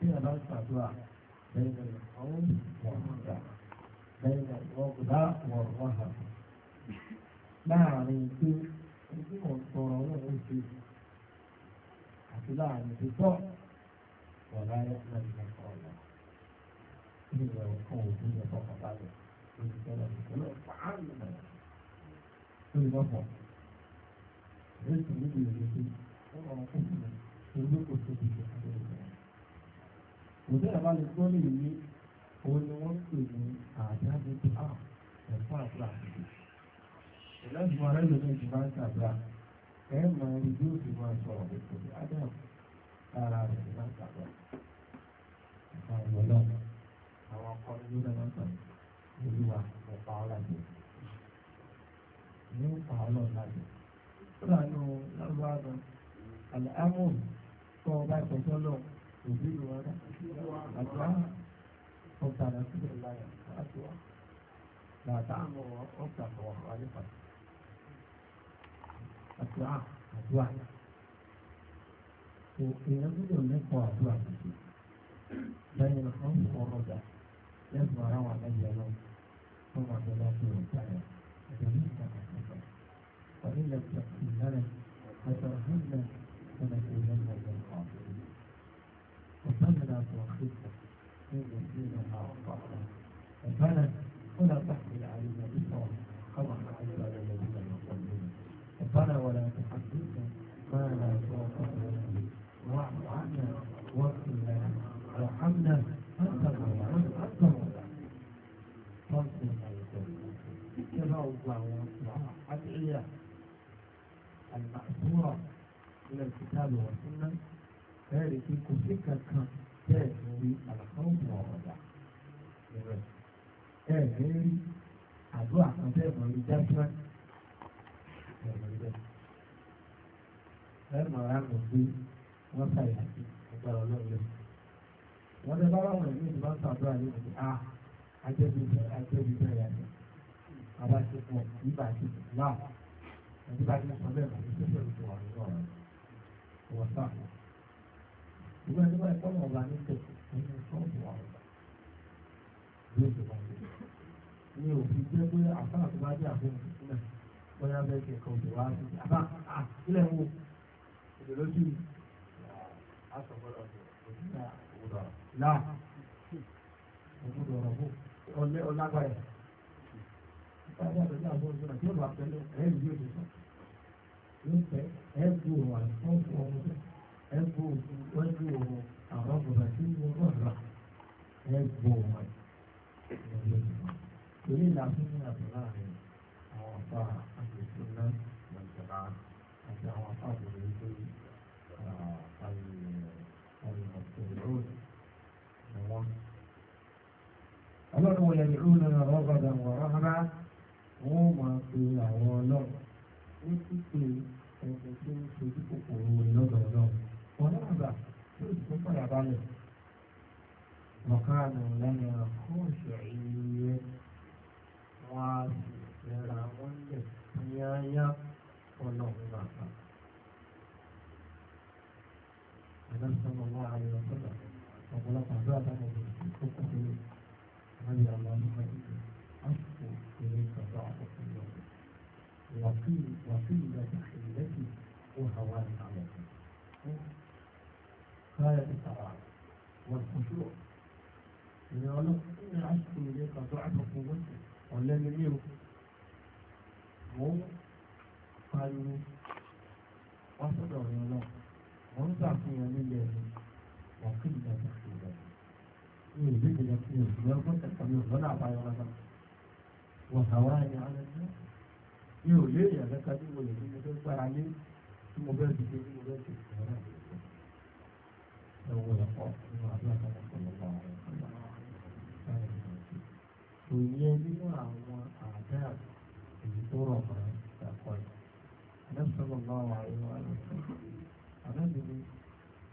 S1: tí a bá ń ṣàdúrà lẹ́yìn àwọn wọ̀nàdà lẹ́yìn ọ̀gbà wọ̀nàdà láàrin pé ojú wọn tọrọ wọn ò ṣe àti láàrin tó tọ́ wọ̀ láyé lẹ́yìn ọ̀gbà ní ìwà ọ̀kan òbí yẹn fọkàn balẹ̀ lórí tẹ́lẹ̀ ìṣẹ̀lẹ̀ fàánù náà lórí lọ́pọ̀ lórí tìlú ìrètí ó rọrùn fún mi olóko tó ti ṣe àdéhùn òtẹ́ àbá lè gbọ́ lè ní òun ni wọ́n pè ní àdájọ́ tó à ẹ̀fọ́ àbúrà àbúrò ìlẹ́sùn ara ìlú méjì máa ń tàbíra ẹ máa rí bí ó sì máa sọ̀rọ̀ nípa ní adam ara rẹ̀ ní máa tàbíra ẹ̀fọ́ àwọn ọlọ́run àwọn akọni ló náà máa tàbí olúwa يزيد هذا الدعاء قلت على سبيل الله الدعاء لا تعمر ربك وخالقك الدعاء الدعاء èèyàn gbọ́dọ̀ lẹ́kọ̀ọ́ àdúrà tuntun lẹ́yìn ọ̀kan fọ̀rọ̀ dà lẹ́sùn ara wà lẹ́yìn ọ̀rọ̀ tó wà lọ́wọ́ tó wọ̀ táyà ẹ̀jẹ̀ ní ìta àkọ́kọ́ ọ̀nìlẹ̀ ìlànà ẹ̀sọ̀rọ̀ fún ìlànà ìlànà ìlànà ìlànà ìlànà فعلا تحمل علينا إسرا كما حملت على الذين من قبلنا ربنا ولا تحملنا ما لا طاقة لنا واعف عنا واغفر لنا وارحمنا أنت مولانا أنت مولانا فانصرنا اتبعوا الدعوات الأدعية المأثورة من الكتاب والسنة هذه في كفكة كان ẹ̀ rí àdúrà kan tẹ́ mọ̀ ní jásímá ẹ̀ mọ̀ wọ́n ṣàyà sí agbára ọlọ́run wọ́n lè bá wọn ní ìdí máa ń ṣàdúrà ní ìdí ah, a ajẹ́bí bẹ̀rẹ̀ ajẹ́bí bẹ̀rẹ̀ yàtọ̀ bàbá ti pọ̀ nígbà tí wà ẹni bá ti sọ bẹ́ẹ̀ ní sẹ́sẹ̀ ló wà sá. ìwé ẹni bá ẹ̀kọ́ náà wà ní tẹ̀sí ẹni tó ń wà ọ̀rọ̀ yóò ti wà ní ní òfin jẹ́ pé àfáà tó bá jẹ́ àfihàn ìpínlẹ̀ bóyá bẹ́ẹ̀ kẹ̀kọ́ òbí wá sí àbá àtìlẹ̀ wo èdè lójú náà òkúdọ̀ ọ̀rọ̀ bò ọlẹ́ ọlágbára ìpàdé àtọ́jú àbọ̀ ìṣúná tí ó bá pẹ̀lú ẹ̀ẹ́dì yóò tó sọ yóò tẹ ẹ̀ẹ́dì òwò àìsàn fún ọmọ bẹ́ẹ̀ ẹ̀ẹ́dì òwò ẹ̀ẹ́dì òwò àwọn ọ̀gbọ̀n tí wọ́n rọ̀ rà ẹ̀ẹ́dì òwò àìsàn torí ìlàkúnmí àtúrà rẹ̀ àwọn ọ̀pá àgbẹ̀sọ́lá ìjọba àti àwọn ọ̀pá àgbẹ̀rẹ̀ wípé àyẹ̀wò ni wọ́n. ọlọ́run wọ̀nyẹ̀ ní ìlú náà rọ́gbàdà wọ̀rọ̀ wọ́n máa pe àwọn ọlọ́run ní pípe ẹ̀sìn tó ń ṣojú kòkòrò lọ́dọ̀ náà wọn náà gbà tó ìdúpọ̀ padà balẹ̀. وكانوا لنا خاشعين wọ́n á sì fẹ́ra wọn lẹ̀ yáyá ọlọ́run bàbá. Àná sọ̀rọ̀ wọ́n ààrẹ ọ̀sọ́dọ̀ ọ̀pọ̀lọpọ̀ àbúrò àtàwọn ọ̀gbìn tó kọ́ sílé wọ́n yà wọ́n nípa ìgbà àsìkò ìrìn ìtọ́jú àkọ́kọ́ lọ. وفي تحليلتي وهوان عليكم قال التواضع والخشوع يقول إن عشت إليك ضعف قوتي ọ̀lẹ́ni mí o mò ń pariwo wá sọ́dọ̀ ọ̀rẹ́ náà mò ń ṣàfihàn nílẹ̀ ẹ̀mí wà kí ìgbà tó ṣe rẹ̀ mi ò lè gbèjà fún yẹn ṣùgbọ́n ọgbọ́n tẹ̀sán mi ò lọ́nà àbáyọ rárá wọ́n sàwọ́ ẹ̀yà alẹ́ ní mi ò lè yàn lẹ́ka tí mo lè ní mo fẹ́ gbára lé tí mo bẹ́ẹ̀ dìde tí mo bẹ́ẹ̀ dìde ẹ̀wọ̀n ẹ̀kọ́ nínú àdúrà kan kọ̀ọ̀kan lọ́wọ́ kò yẹ nínú àwọn àdáà èyí tó rọ̀ mọ́ ìdàpọ̀ yìí alẹ́sọ̀rọ̀ bá wà ìwà rẹ̀ alábìnrin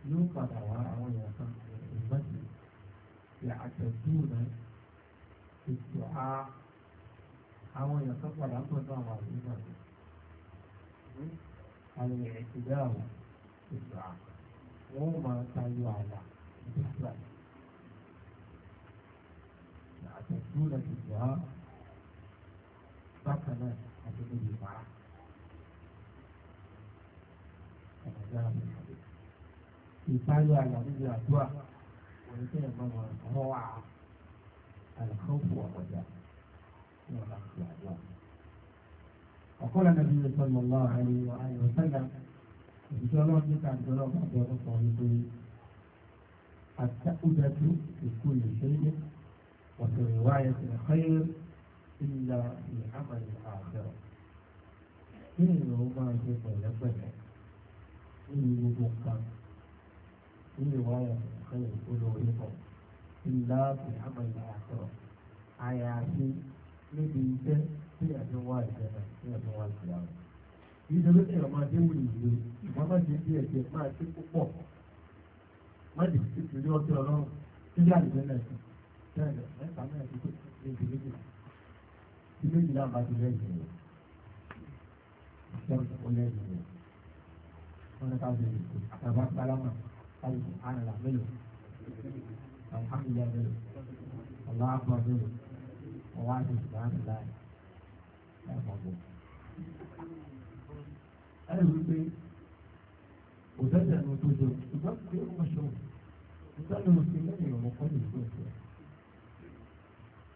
S1: yóò padà wá àwọn èèyàn kan ìgbàdì ìyàtọ̀jú rẹ̀ ètò a àwọn èèyàn kan padà ń gbọ́dọ̀ àwọn àdúgbò rẹ̀ àwọn èèyàn ìgbéyàwó ètò a wọ́n máa tayọ àlà ìdíjà rẹ̀ àtẹ̀síwọ̀n ìgbà bákan náà àti níbi ìgbà ọ̀gá ìtayọ̀ àlàmíbi àdúrà wọ́n ti yẹ̀ mọ́ ọ̀rọ̀ wà àlàkọ́fù ọ̀gá ní àlàmíbi àdúrà. وقال النبي صلى الله عليه وآله وسلم ìjọlọ́ níta ìjọlọ́ bàbá ọ̀pọ̀ ìgbé àtàkùdàtú ìkú ìṣẹ́yẹ́ وفي رواية الخير إلا في عمل الآخرة إنه ما يكون لبنى إنه في رواية الخير ألوهكم إلا في عمل الآخرة àyàfi níbi iṣẹ́ tí ẹ̀sìn wá ìjọba tí ẹ̀sìn wá ìjọba. Ìjọ ló ní ọmọ adé wùlì ìlú, ìwọ́n má jẹ́ bí ẹ̀jẹ̀ máa ṣe púpọ̀. Má jẹ́ sí ìtúlé ọjọ́ ọlọ́run, kí yá ìjọba ẹ̀sìn bẹ́ẹ̀ mẹ́ta mẹ́rin bá ti lẹ́yìn rẹ̀ ìṣẹ́wọ̀n tó lẹ́yìn rẹ̀ wọ́n ní ká fi àtàbà sálámà káyọ̀ àrẹ̀là mélòó alhamdulilayi mélòó ọ̀la àpọ̀ mélòó ọ̀wá àti ìsìláàmù láì láì mọ̀ bọ̀. ẹ̀rọ wípé òṣèlú ẹ̀rọ tó jọ ṣùgbọ́n pé ó mọ̀ ṣọ́ọ̀ nígbà tí mo ti lẹ́yìn ọ̀rọ̀ kọ́ni ìgbésẹ̀.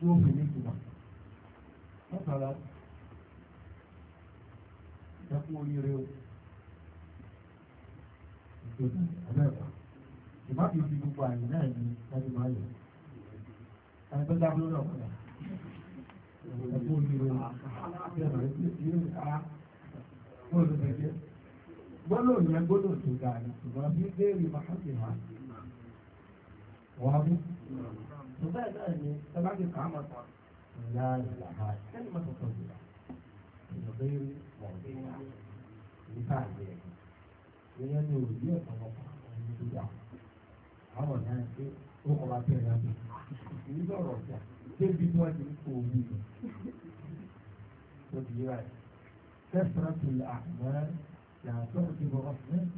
S1: tí ó fi ní ìtumọ̀. Mọ́kànlá ìdákùn oríire o. Ìjọba àbẹ́ẹ̀kọ́. Ìbáàbí fi gbogbo àyè náà ní láti máa yọ. Àwọn ẹgbẹ́ dábúrò náà kọ̀dà. Ẹ̀kọ́ oríire o. Ìjọba ìpínlẹ̀ Ìjọba olùdíje. tó dáa ní ṣùgbọ́n bí bẹ́ẹ̀rì máa ń ṣe hàn. Wàá mú bẹ́ẹ̀ náà ni ẹ̀bá ti tán. ìyá ìyá ha kẹ́ni máa tọ̀tọ̀ ìyá ìyá mọ̀ bí wọ́n ní bá ẹ̀ ìyẹn ní òbí ẹ̀kọ́ ọ̀pọ̀ àwọn ẹni tó àwọn ọ̀nà ẹ̀ ó kọ́ wa bẹ́ẹ̀ náà ìlú sọ̀rọ̀ ọ̀jà débi tí wọ́n ti ń kó omi lọ. tó di yíra ẹ̀ kẹsàn-án ti àmọ́ yàtọ̀ ti bọ̀ ọ́ fún mi.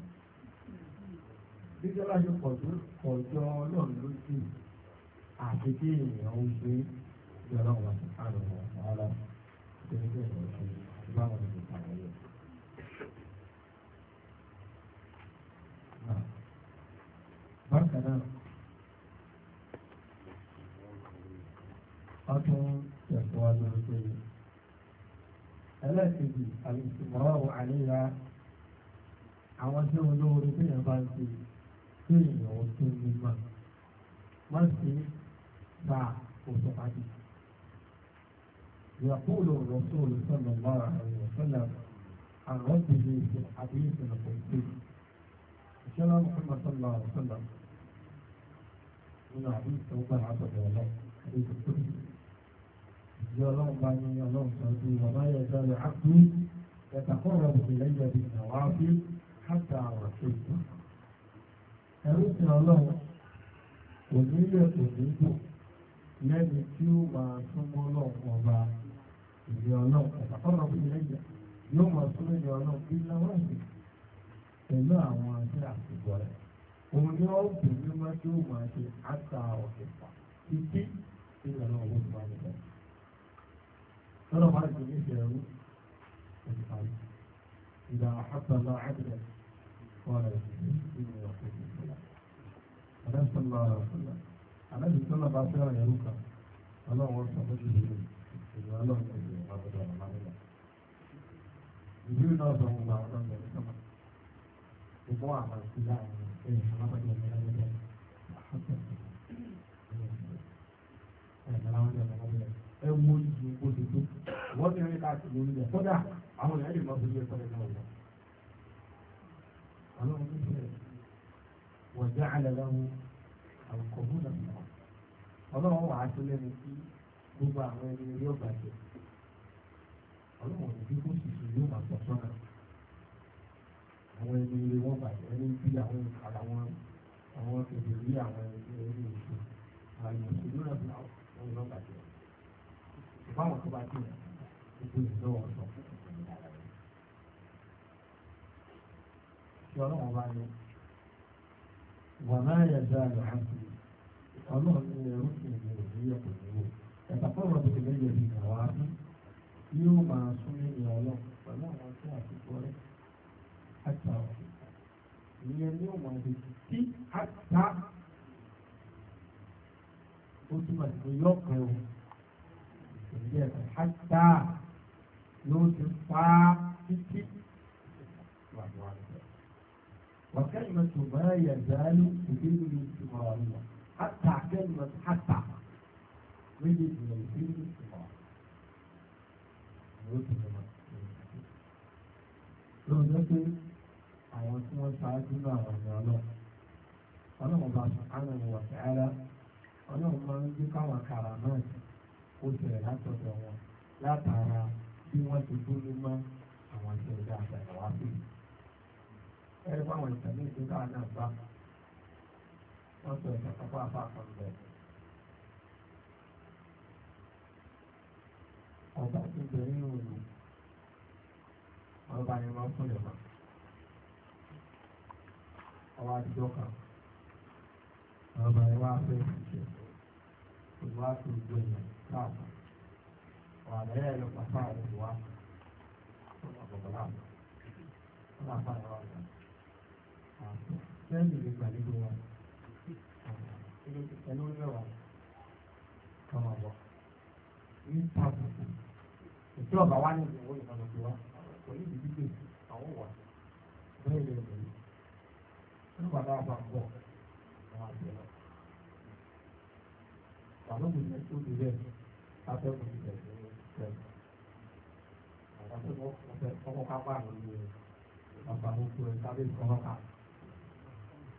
S1: bí jọba yóò pọ̀ tó pọ̀ jọ ọlọ́run àti kí èèyàn ó gbé ìjọba wọn sí àrùn wọn rárá nítorí pé èèyàn ṣe báwọn ní ìpàdé yẹn. bákan náà wọ́n tún tẹ̀síwájú wípé ẹlẹ́ẹ̀kejì àlùsùmọ́rọ̀ àríyá àwọn tí olóore téèyàn bá ń ṣe téèyàn ó tún nígbà má sí يقول الرسول صلى الله عليه وسلم عن ربه في الحديث القدسي سيدنا محمد صلى الله عليه وسلم من حديث توبة عبد الله حديث القدسي يا بني يا رب وما يزال عبدي يتقرب إلي بالنوافل حتى عرفته. أرسل الله ونية ونيته lẹ́ni tí ó máa súnmọ́ lọ́wọ́ ọba ìlú ọlọ́run ọ̀pá kọ́nà fún ilé ìjà yóò máa súnmọ́ ìlú ọlọ́run bí láwọn ẹ̀sìn pẹ̀lú àwọn àti àsìkò rẹ̀ òun ni wọ́n bù ní máa tí ó máa ṣe àtà ọ̀sẹ̀ pa títí ìlú ọlọ́run owó tó wà ti ní ìṣẹ̀rú ìdíkàlù ìdá àpàlà àdìrẹ̀ kọ́ra ìdílé ìlú ọ̀sẹ̀ ìfúnlá àlejò tó náà bá fẹ́ràn ẹ̀rú kan ọlọ́run sọ méjì lórí ìlú ọlọ́run tó yẹ wà lọ́dọ̀ ọ̀nà máa nílẹ̀. ìlú náà sọ wọn bá ọlọ́run lọ sọ́mà gbogbo àwọn àti láàrin ẹ̀yìn alábàjẹ́ ọ̀nà ẹ̀yẹ́dẹ́ ẹ mú ju oṣù tó wọ́n ti rí káàkiri orí rẹ̀ kódà àwọn ìyá lè máa fojú ẹ̀ sọ́dẹ̀ náà wọ̀. ọlọ́run ní sẹ́yìn wọ̀já àlẹ́ lọ́wọ́ àwòkọ́ fún ìdàgbàsókè ọlọ́run wà á tó lẹ́nu sí gbogbo àwọn ẹni orí ọ̀gbà jẹ ọlọ́run ò ní kó ṣìṣe yóò máa tọ̀ sọ́nà àwọn ẹni orí wọn bàjẹ́ ẹni bí àwọn ìkàlà wọn àwọn èdè orí àwọn ẹni orí oṣù àyè òṣèlú náà bí àwọn ọlọ́run bàjẹ́ ìfọ̀ àwọn tó bá dé gbogbo ìlú wọn sọ. ṣé ọlọ́run bá ní wàhálà yẹ ọlọ́run ní ẹrú sí ìlú òníyẹ kò ní wò ẹ̀ka fọwọ́ ti lè yẹ fi kàn wá sí yóò máa sún ní ìyá ọlọ́run pẹ̀lú àwọn tí àtúntò rẹ̀ àtà ìyẹn ní òun àti hátà kẹ́lìmọ̀ hátà méjì ìjìnlẹ̀ ìdílé ìtumọ̀ ìwé ìtumọ̀ lóun jẹ́ pé àwọn tí wọ́n ṣáájú náà wà ní ọlọ́ ọlọ́run bá sọ̀kánà ìwà tẹ́lá ọlọ́run máa ń gbé káwọn kàrà náà kó ṣẹlẹ̀ látọ̀dọ̀ wọn látara bí wọ́n ti dúró mọ́ àwọn ìṣẹ̀lẹ̀ àgbàlá sí. ẹ bá àwọn ìṣẹ̀lẹ̀ ìṣẹ̀lẹ̀ náà bá wọ́n sọ ìtàn kan fún afáàfọ́ ọba tí bẹ̀rẹ̀ òòlù ọba yẹn máa fún ìyọ̀mọ́ ọba àtijọ́ kan ọba yẹn wá fẹ́ ìṣẹ̀ ìwà tó gbé yẹn káàkiri wà lẹ́yìn ló pàpà rẹ̀ wá ọlọ́pàá náà wọ́n àpá yẹn wá lọ. Sẹ́yìn lè gbàlejò ẹnu mẹ́wàá kama ní pàtàkì ètò ọ̀bà wa ní ìdìbò ìkànnì tó wa kò ní àwọn wà bẹ́ẹ̀ lè lè ní bàbá àbá bọ̀ àwọn àgbẹ̀ lọ. bàbá mi ní tó di bẹ́ẹ̀ afẹ́kùn ní ìgbẹ́ àwọn tó ń bọ̀ ọmọ kápá lórí ẹ̀ bàbá mi kú ẹ̀ sábẹ́ ìkọ́nọ́ká.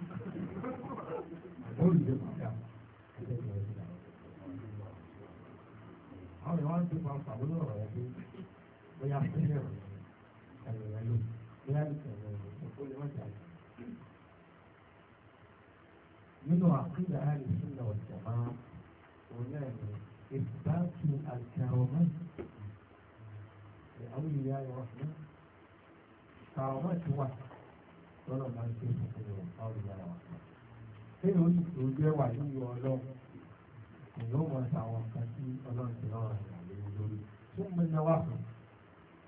S1: àwọn ìwà ń tún pàápàá lórí ọ̀rọ̀ ẹ̀ pé bóyá sílẹ̀ rẹ̀ ẹ̀rọ rẹ̀ lò bóyá ìṣẹ̀lẹ̀ rẹ̀ lò ó lè má jà lọ. nínú àkídà àìsílẹ̀ ọ̀jọ̀ máa òun náà ní ìbáàtú àkàrọ̀mọ́ àwọn ìyá ẹ̀rọ náà kàrọ̀mọ́ ti wà lọ́nà máa ń ṣe ìṣòro ọ̀rọ̀ ìyára wa. nínú ìṣòro jẹ́ wà ọlọ́run kò yóò mọ àwọn kan tí ọlọ́run ti lọ́rọ̀ ìyàwó lórí tó ń gbéná wà fún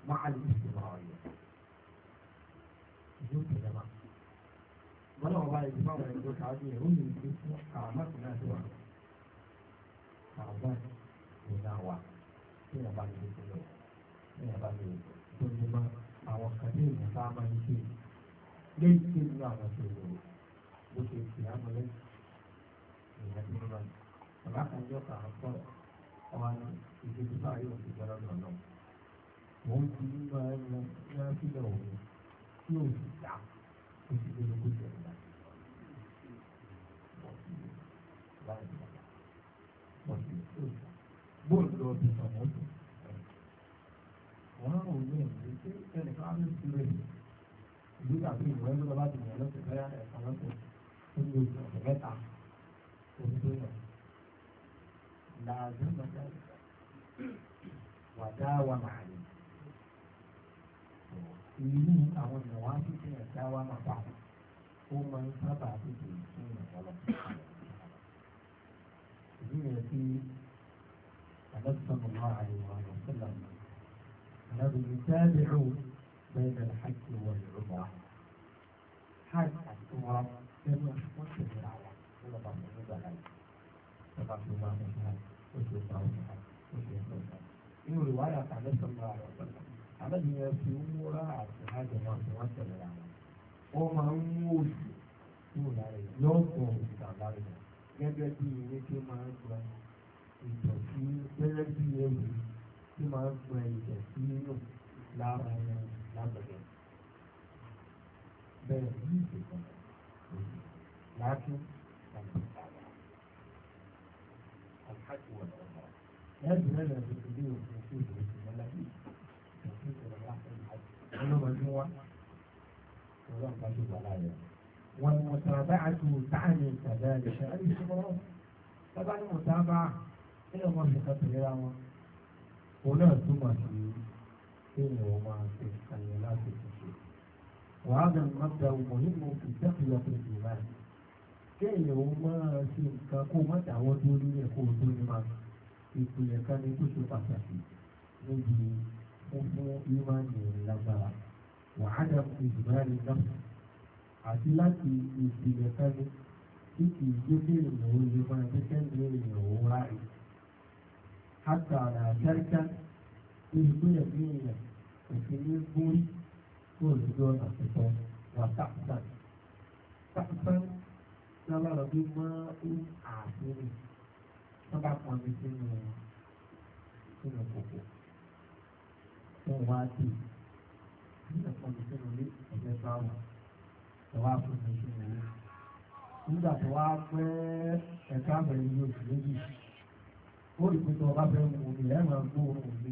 S1: máa ní ìṣòro ọ̀yọ́. ìlú tẹ̀lé ma bọ́lá wọn bá yẹ kí káàdì ẹ̀ ó lè gbé fún àmọ́tò náà tó wà àwọn ìgbéná wa tí wọ́n bá lè gbé lọ tí wọ́n bá lè gbé lọ àwọn kan léyìí tí nínú àwọn tó lò ó bó ṣe fi àmọ́ lẹ́yìn ní. Bàbá kan jọ kà á pọ̀ ọmọ ní ìdí tó bá yóò fi jọ lọ́dọ̀ náà. Mo ń fi nígbà ẹnu ní àfihàn òun tí ò sì dá ó sì lé lóko jẹ ìgbà. Bóòlù lọ bí sọ̀mọ́tò. Wọ́n rò ní ẹ̀mí pé ẹnìkan á ní sílẹ̀ yìí. nígbà tí ìwé ń lọ láti yàn lọ́sẹ̀ bẹ́ẹ̀ ẹ̀ka lọ́sẹ̀ tó lè jù ọ̀sẹ̀ mẹ́ta orí tó yàn. Làásù màdá wàdá wa màálù. Ìlú àwọn èèyàn wá sí kí ẹ̀dá wa máa bà ó máa ń sábà tètè fún ìrànwọ́ lọ. Ìlú rẹ̀ sí Àdàbí sọ̀rọ̀ máa àyè wà lọ́sẹ̀ lọ́nà. Àdàbí ìtẹ́lẹ̀ òun. بين الحج والعمرة حج العمرة nínú àkọsí ní àwọn nínú bàbá ní bàbá yìí bàbá tó bá wọn ṣáà ó ṣe bá wọn ṣáà ó ṣe bá wọn ṣáà nínú ìwádìí àtàlẹ́ sọ̀rọ̀ àrọ̀ sọ̀rọ̀ àlejò yẹn fi wúra àti hajj náà tí wọ́n tẹ̀lé ra wọn ó máa ń mú òṣù kúrò lára yìí lọ́sọ̀ọ̀ òṣìṣà lára yìí gẹ́gẹ́ bí ilé tí máa ń gba ìdọ̀tí gẹ́gẹ́ bí ẹ̀rù tí máa ń gba ìdọ̀tí nínú lára yẹn bẹ́ẹ̀ ní ìgbésẹ̀ láàkín الحج والعمرة لازم أنا بتديه وتنسيه الملاكين تنسيه الرحل الحج له مجموعة وله مجموعة والمتابعة تعني كذلك أي خبرات طبعا المتابعة إلى ما في خط الهلاوة ولا ثم في kéèyàn ó máa ṣe àyè láti ṣiṣẹ́. wàhálà mọ́tà ọmọ yìí mo fi dákìlọ pé kì í máa kéèyàn ó máa ṣe nǹkan kó má dáwọ́ dúró lórí ẹ̀kọ́ tó ní máa ìpìlẹ̀ kan ní tó ṣe pàtàkì níbi fúnfún ìmánì lágbára wàhálà ìdìbáyé náà àti láti ìpìlẹ̀ kan ní tí kì í jẹ́ kí ènìyàn ó lè máa jẹ́ kẹ́ńdé ènìyàn ó ráre. حتى على تركه lórí tó wá pẹ́ ẹ̀ka àbẹ̀yẹ oṣù méjì ó rí pé tó o fẹ́ mú mi ẹ̀ máa gbóòórùn mi.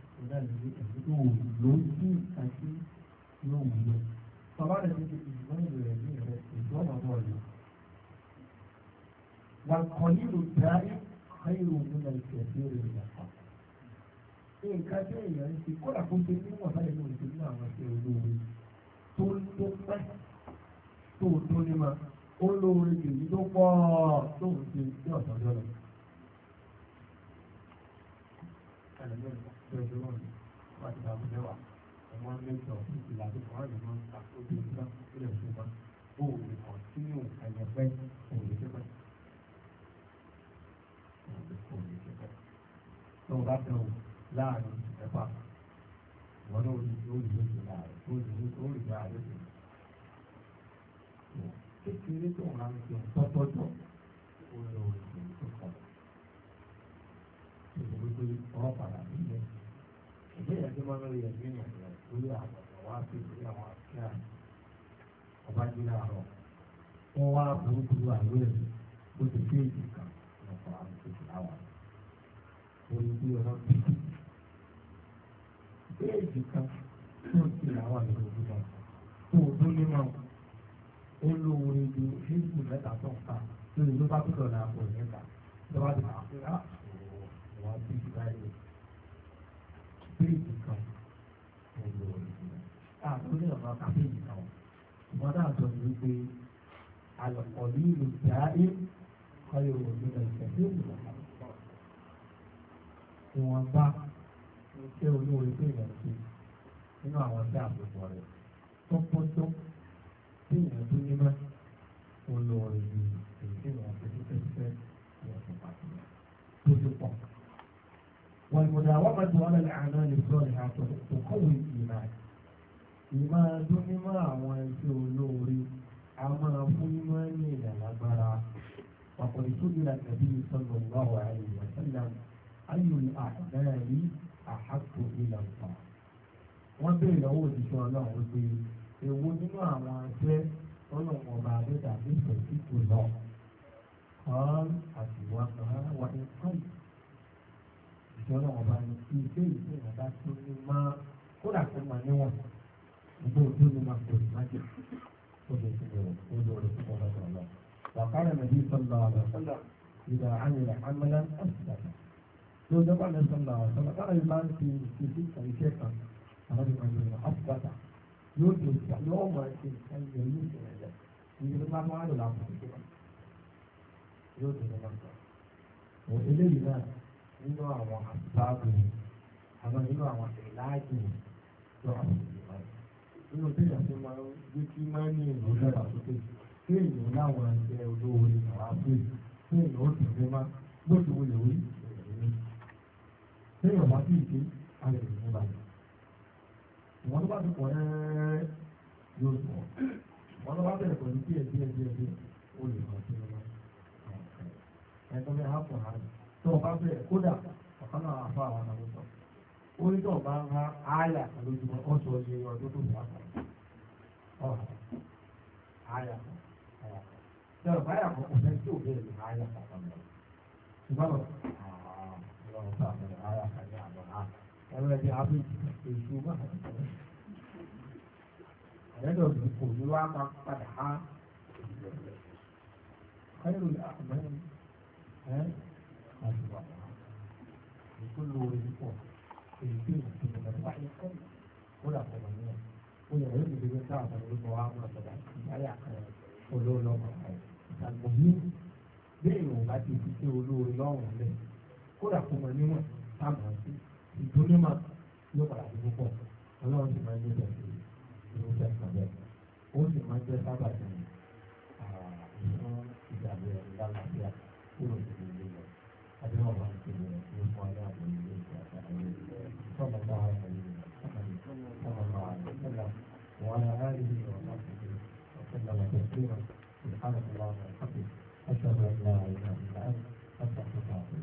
S1: náà ní ẹ̀mí yóò ló sí nǹkan tí yóò wúlò bàbá rẹ̀ ti fi ìgbọ́n ìlú rẹ̀ ní ìrẹ̀ ètò ọ̀nà náà lò wọn kàn nílò dáyé káyọ̀ òun náà ti ẹ̀sẹ̀ rẹ̀ yàtọ̀ nǹkan tí èèyàn ń ṣe kódà kó ṣe níwọ̀n báyìí ló ń ṣe ní àwọn ẹ̀sẹ̀ olóore tó tó pẹ́ tó tó ní ma ó lóore èyí tó pọ̀ tó ń ṣe ní ọ̀sán lọ́nà tó o bá tẹ o láàrin ẹ̀fà wọn náà ó lè ó lè lóṣù láàrin ó lè lóṣù ó lè láàrin lóṣù. kékeré tó ń ra ń jẹun tọ́tọ́tọ́ ó lọ òṣèlú tó kọ̀ ọ́. ìṣèlú pé ọ̀rọ̀ padà nílẹ̀ gbọ́dọ̀ yẹ bí nàìjíríà lórí àwọn wá sí lórí àwọn àfíà ọba jíra rọ wọn wá burúkú àlọ ẹ ó ti fi èyí kan lọ́pọ̀ àwọn ìṣèjì láwọn orí bí ọ̀rọ̀ bí èyí kan tó ti làwọn àlejò bí wọn tó o tó ní mọ ó lo orin ju fíìmù mẹ́ta tó ń ta lórí ló bá tó dọ̀la àpò ìyẹn lọ́wọ́ àti àwọn àpò ìyá òwò wọn bí ìgbà péjì kan ẹ̀rọ ìlú àtúndì ọ̀rọ̀ ká péjì kan ìwọ́n náà sọ ní wípé àlọ́kọ̀ ní ìlú jáde kọ́yọ̀ òní lọ ìfẹ̀sí ìlú ìwọ̀nba ní ṣé olóore pé ìyẹn ṣe nínú àwọn tí àpòpọ̀ rẹ̀ tó pọ́jọ́ tí ìyẹn tó ní mọ́ olóore yìí èyí tí ìyẹn tó ní fẹ́ fẹ́ ìyẹn tó pàtó tó tó pọ̀. والمداومة على الأعمال الصالحة تقوي الإيمان ìmáa dúnní mọ́ àwọn ẹgbẹ́ olóore a máa fún mímọ́ ní ìdàlágbára ọ̀pọ̀ ìtòlera tàbí ìsọ̀nà ìwáwọ̀ àìyíwá sẹ́lá ayùn àdáyàrí àhàkò ìlànà. wọ́n bèèrè lọ́wọ́ òṣìṣẹ́ ọlọ́run wípé èwo nínú àwọn ẹgbẹ́ ọlọ́run ọba adẹ́ta nífẹ̀ẹ́ sí jùlọ. kọ́ àtiwá kan wà ní kọ́ńtì ìfẹ́ ọlọ́wọ́ bá ní ti, ilé ìfẹ́ ìyàbá tó ní máa kódà tó máa níwọ̀n ìgbó tó ní máa gbòòrò májè ó lè fi lò ó lórí fún ọmọ ọmọ ọlọ. wàkàrà nàbí sọlá ọlọ sọlá ìgbà àyìnlá amẹlẹ ọsùlá tó dọ́gba ní sọlá ọlọ sọlá kára yìí máa ń fi ìfẹ́ kan iṣẹ́ kan àwọn ìgbà yìí lọ ọ̀pọ̀ta yóò tó ìgbà yóò máa ṣe nǹkan yẹn ní ìṣẹ̀lẹ̀ ìgbà tó máa ń lò láàbùkù tó wà yóò tó ìgbà náà nínú àwọn àbábò àwọn nínú àwọn ìlàjì lọ nínú tíjà tó máa kí máa ní ìlú lọ́dà sókè kí èèyàn láwọn ẹgbẹ́ olóore àwọn àpè kí èèyàn ó sì fẹ́ má bó ti wọlé wí ìrìn ní èèyàn bá sì ṣe alẹ́ ìrìn nígbà yìí ìwọ́n tó bá ti pọ̀ ẹ́ẹ́ yóò sọ wọ́n lọ́wọ́ bẹ̀rẹ̀ pẹ̀lú díẹ̀ díẹ̀ díẹ̀ díẹ̀ ó lè máa ṣe lọ́wọ́ ẹ̀ẹ́dọ́gbẹ́ tó bá bẹ̀rẹ̀ kódà ọ̀kan náà àfa àwọn ọmọ ó ní tó bá ń ha àyà lójúmọ́ ó sọ iye ọdún tó fi wákà ọ̀hà àyà àyà sọ̀rọ̀ báyà kọ̀ kò tí ò bẹ̀rẹ̀ ní àyà kàkà mọ́ ṣùgbọ́n ọ̀hún tó àbẹ̀rẹ̀ àyà kàkà àbọ̀ ẹ̀rọ ẹ̀dẹ̀ àbí èṣù máa ẹ̀rọ ẹ̀dẹ̀ kò ní wá máa padà ha tó lóore pọ̀ èyí tí ìlú ti lọ bá yẹ kọ́ ó dà pọ̀ wọ́n yẹn ó yẹ lórí ìdílé tá àwọn olùkọ́ wa máa sọ̀rọ̀ àti ìyá kan olóòlọ́mọ̀ ìtàgbọ̀ yìí bí èèyàn bá ti fi ṣe olóore lọ́rùn lẹ̀ kó dà pọ̀ wọ́n níwọ̀n táwọn àti ìdúnímọ̀ yóò padà di púpọ̀ ọlọ́run ti máa ń yẹ bẹ̀rẹ̀ ìrúfẹ́ kan bẹ́ẹ̀ ó sì máa ń jẹ́ sábà ní ìṣọ́ ìdàgbẹ̀ ìdàgbàsíà kúrò nínú صلى الله عليه وسلم صلى الله عليه وسلم وعلى آله وصحبه وسلم تسليما سبحانك اللهم وبحمدك أشهد أن لا إله إلا أنت أستغفرك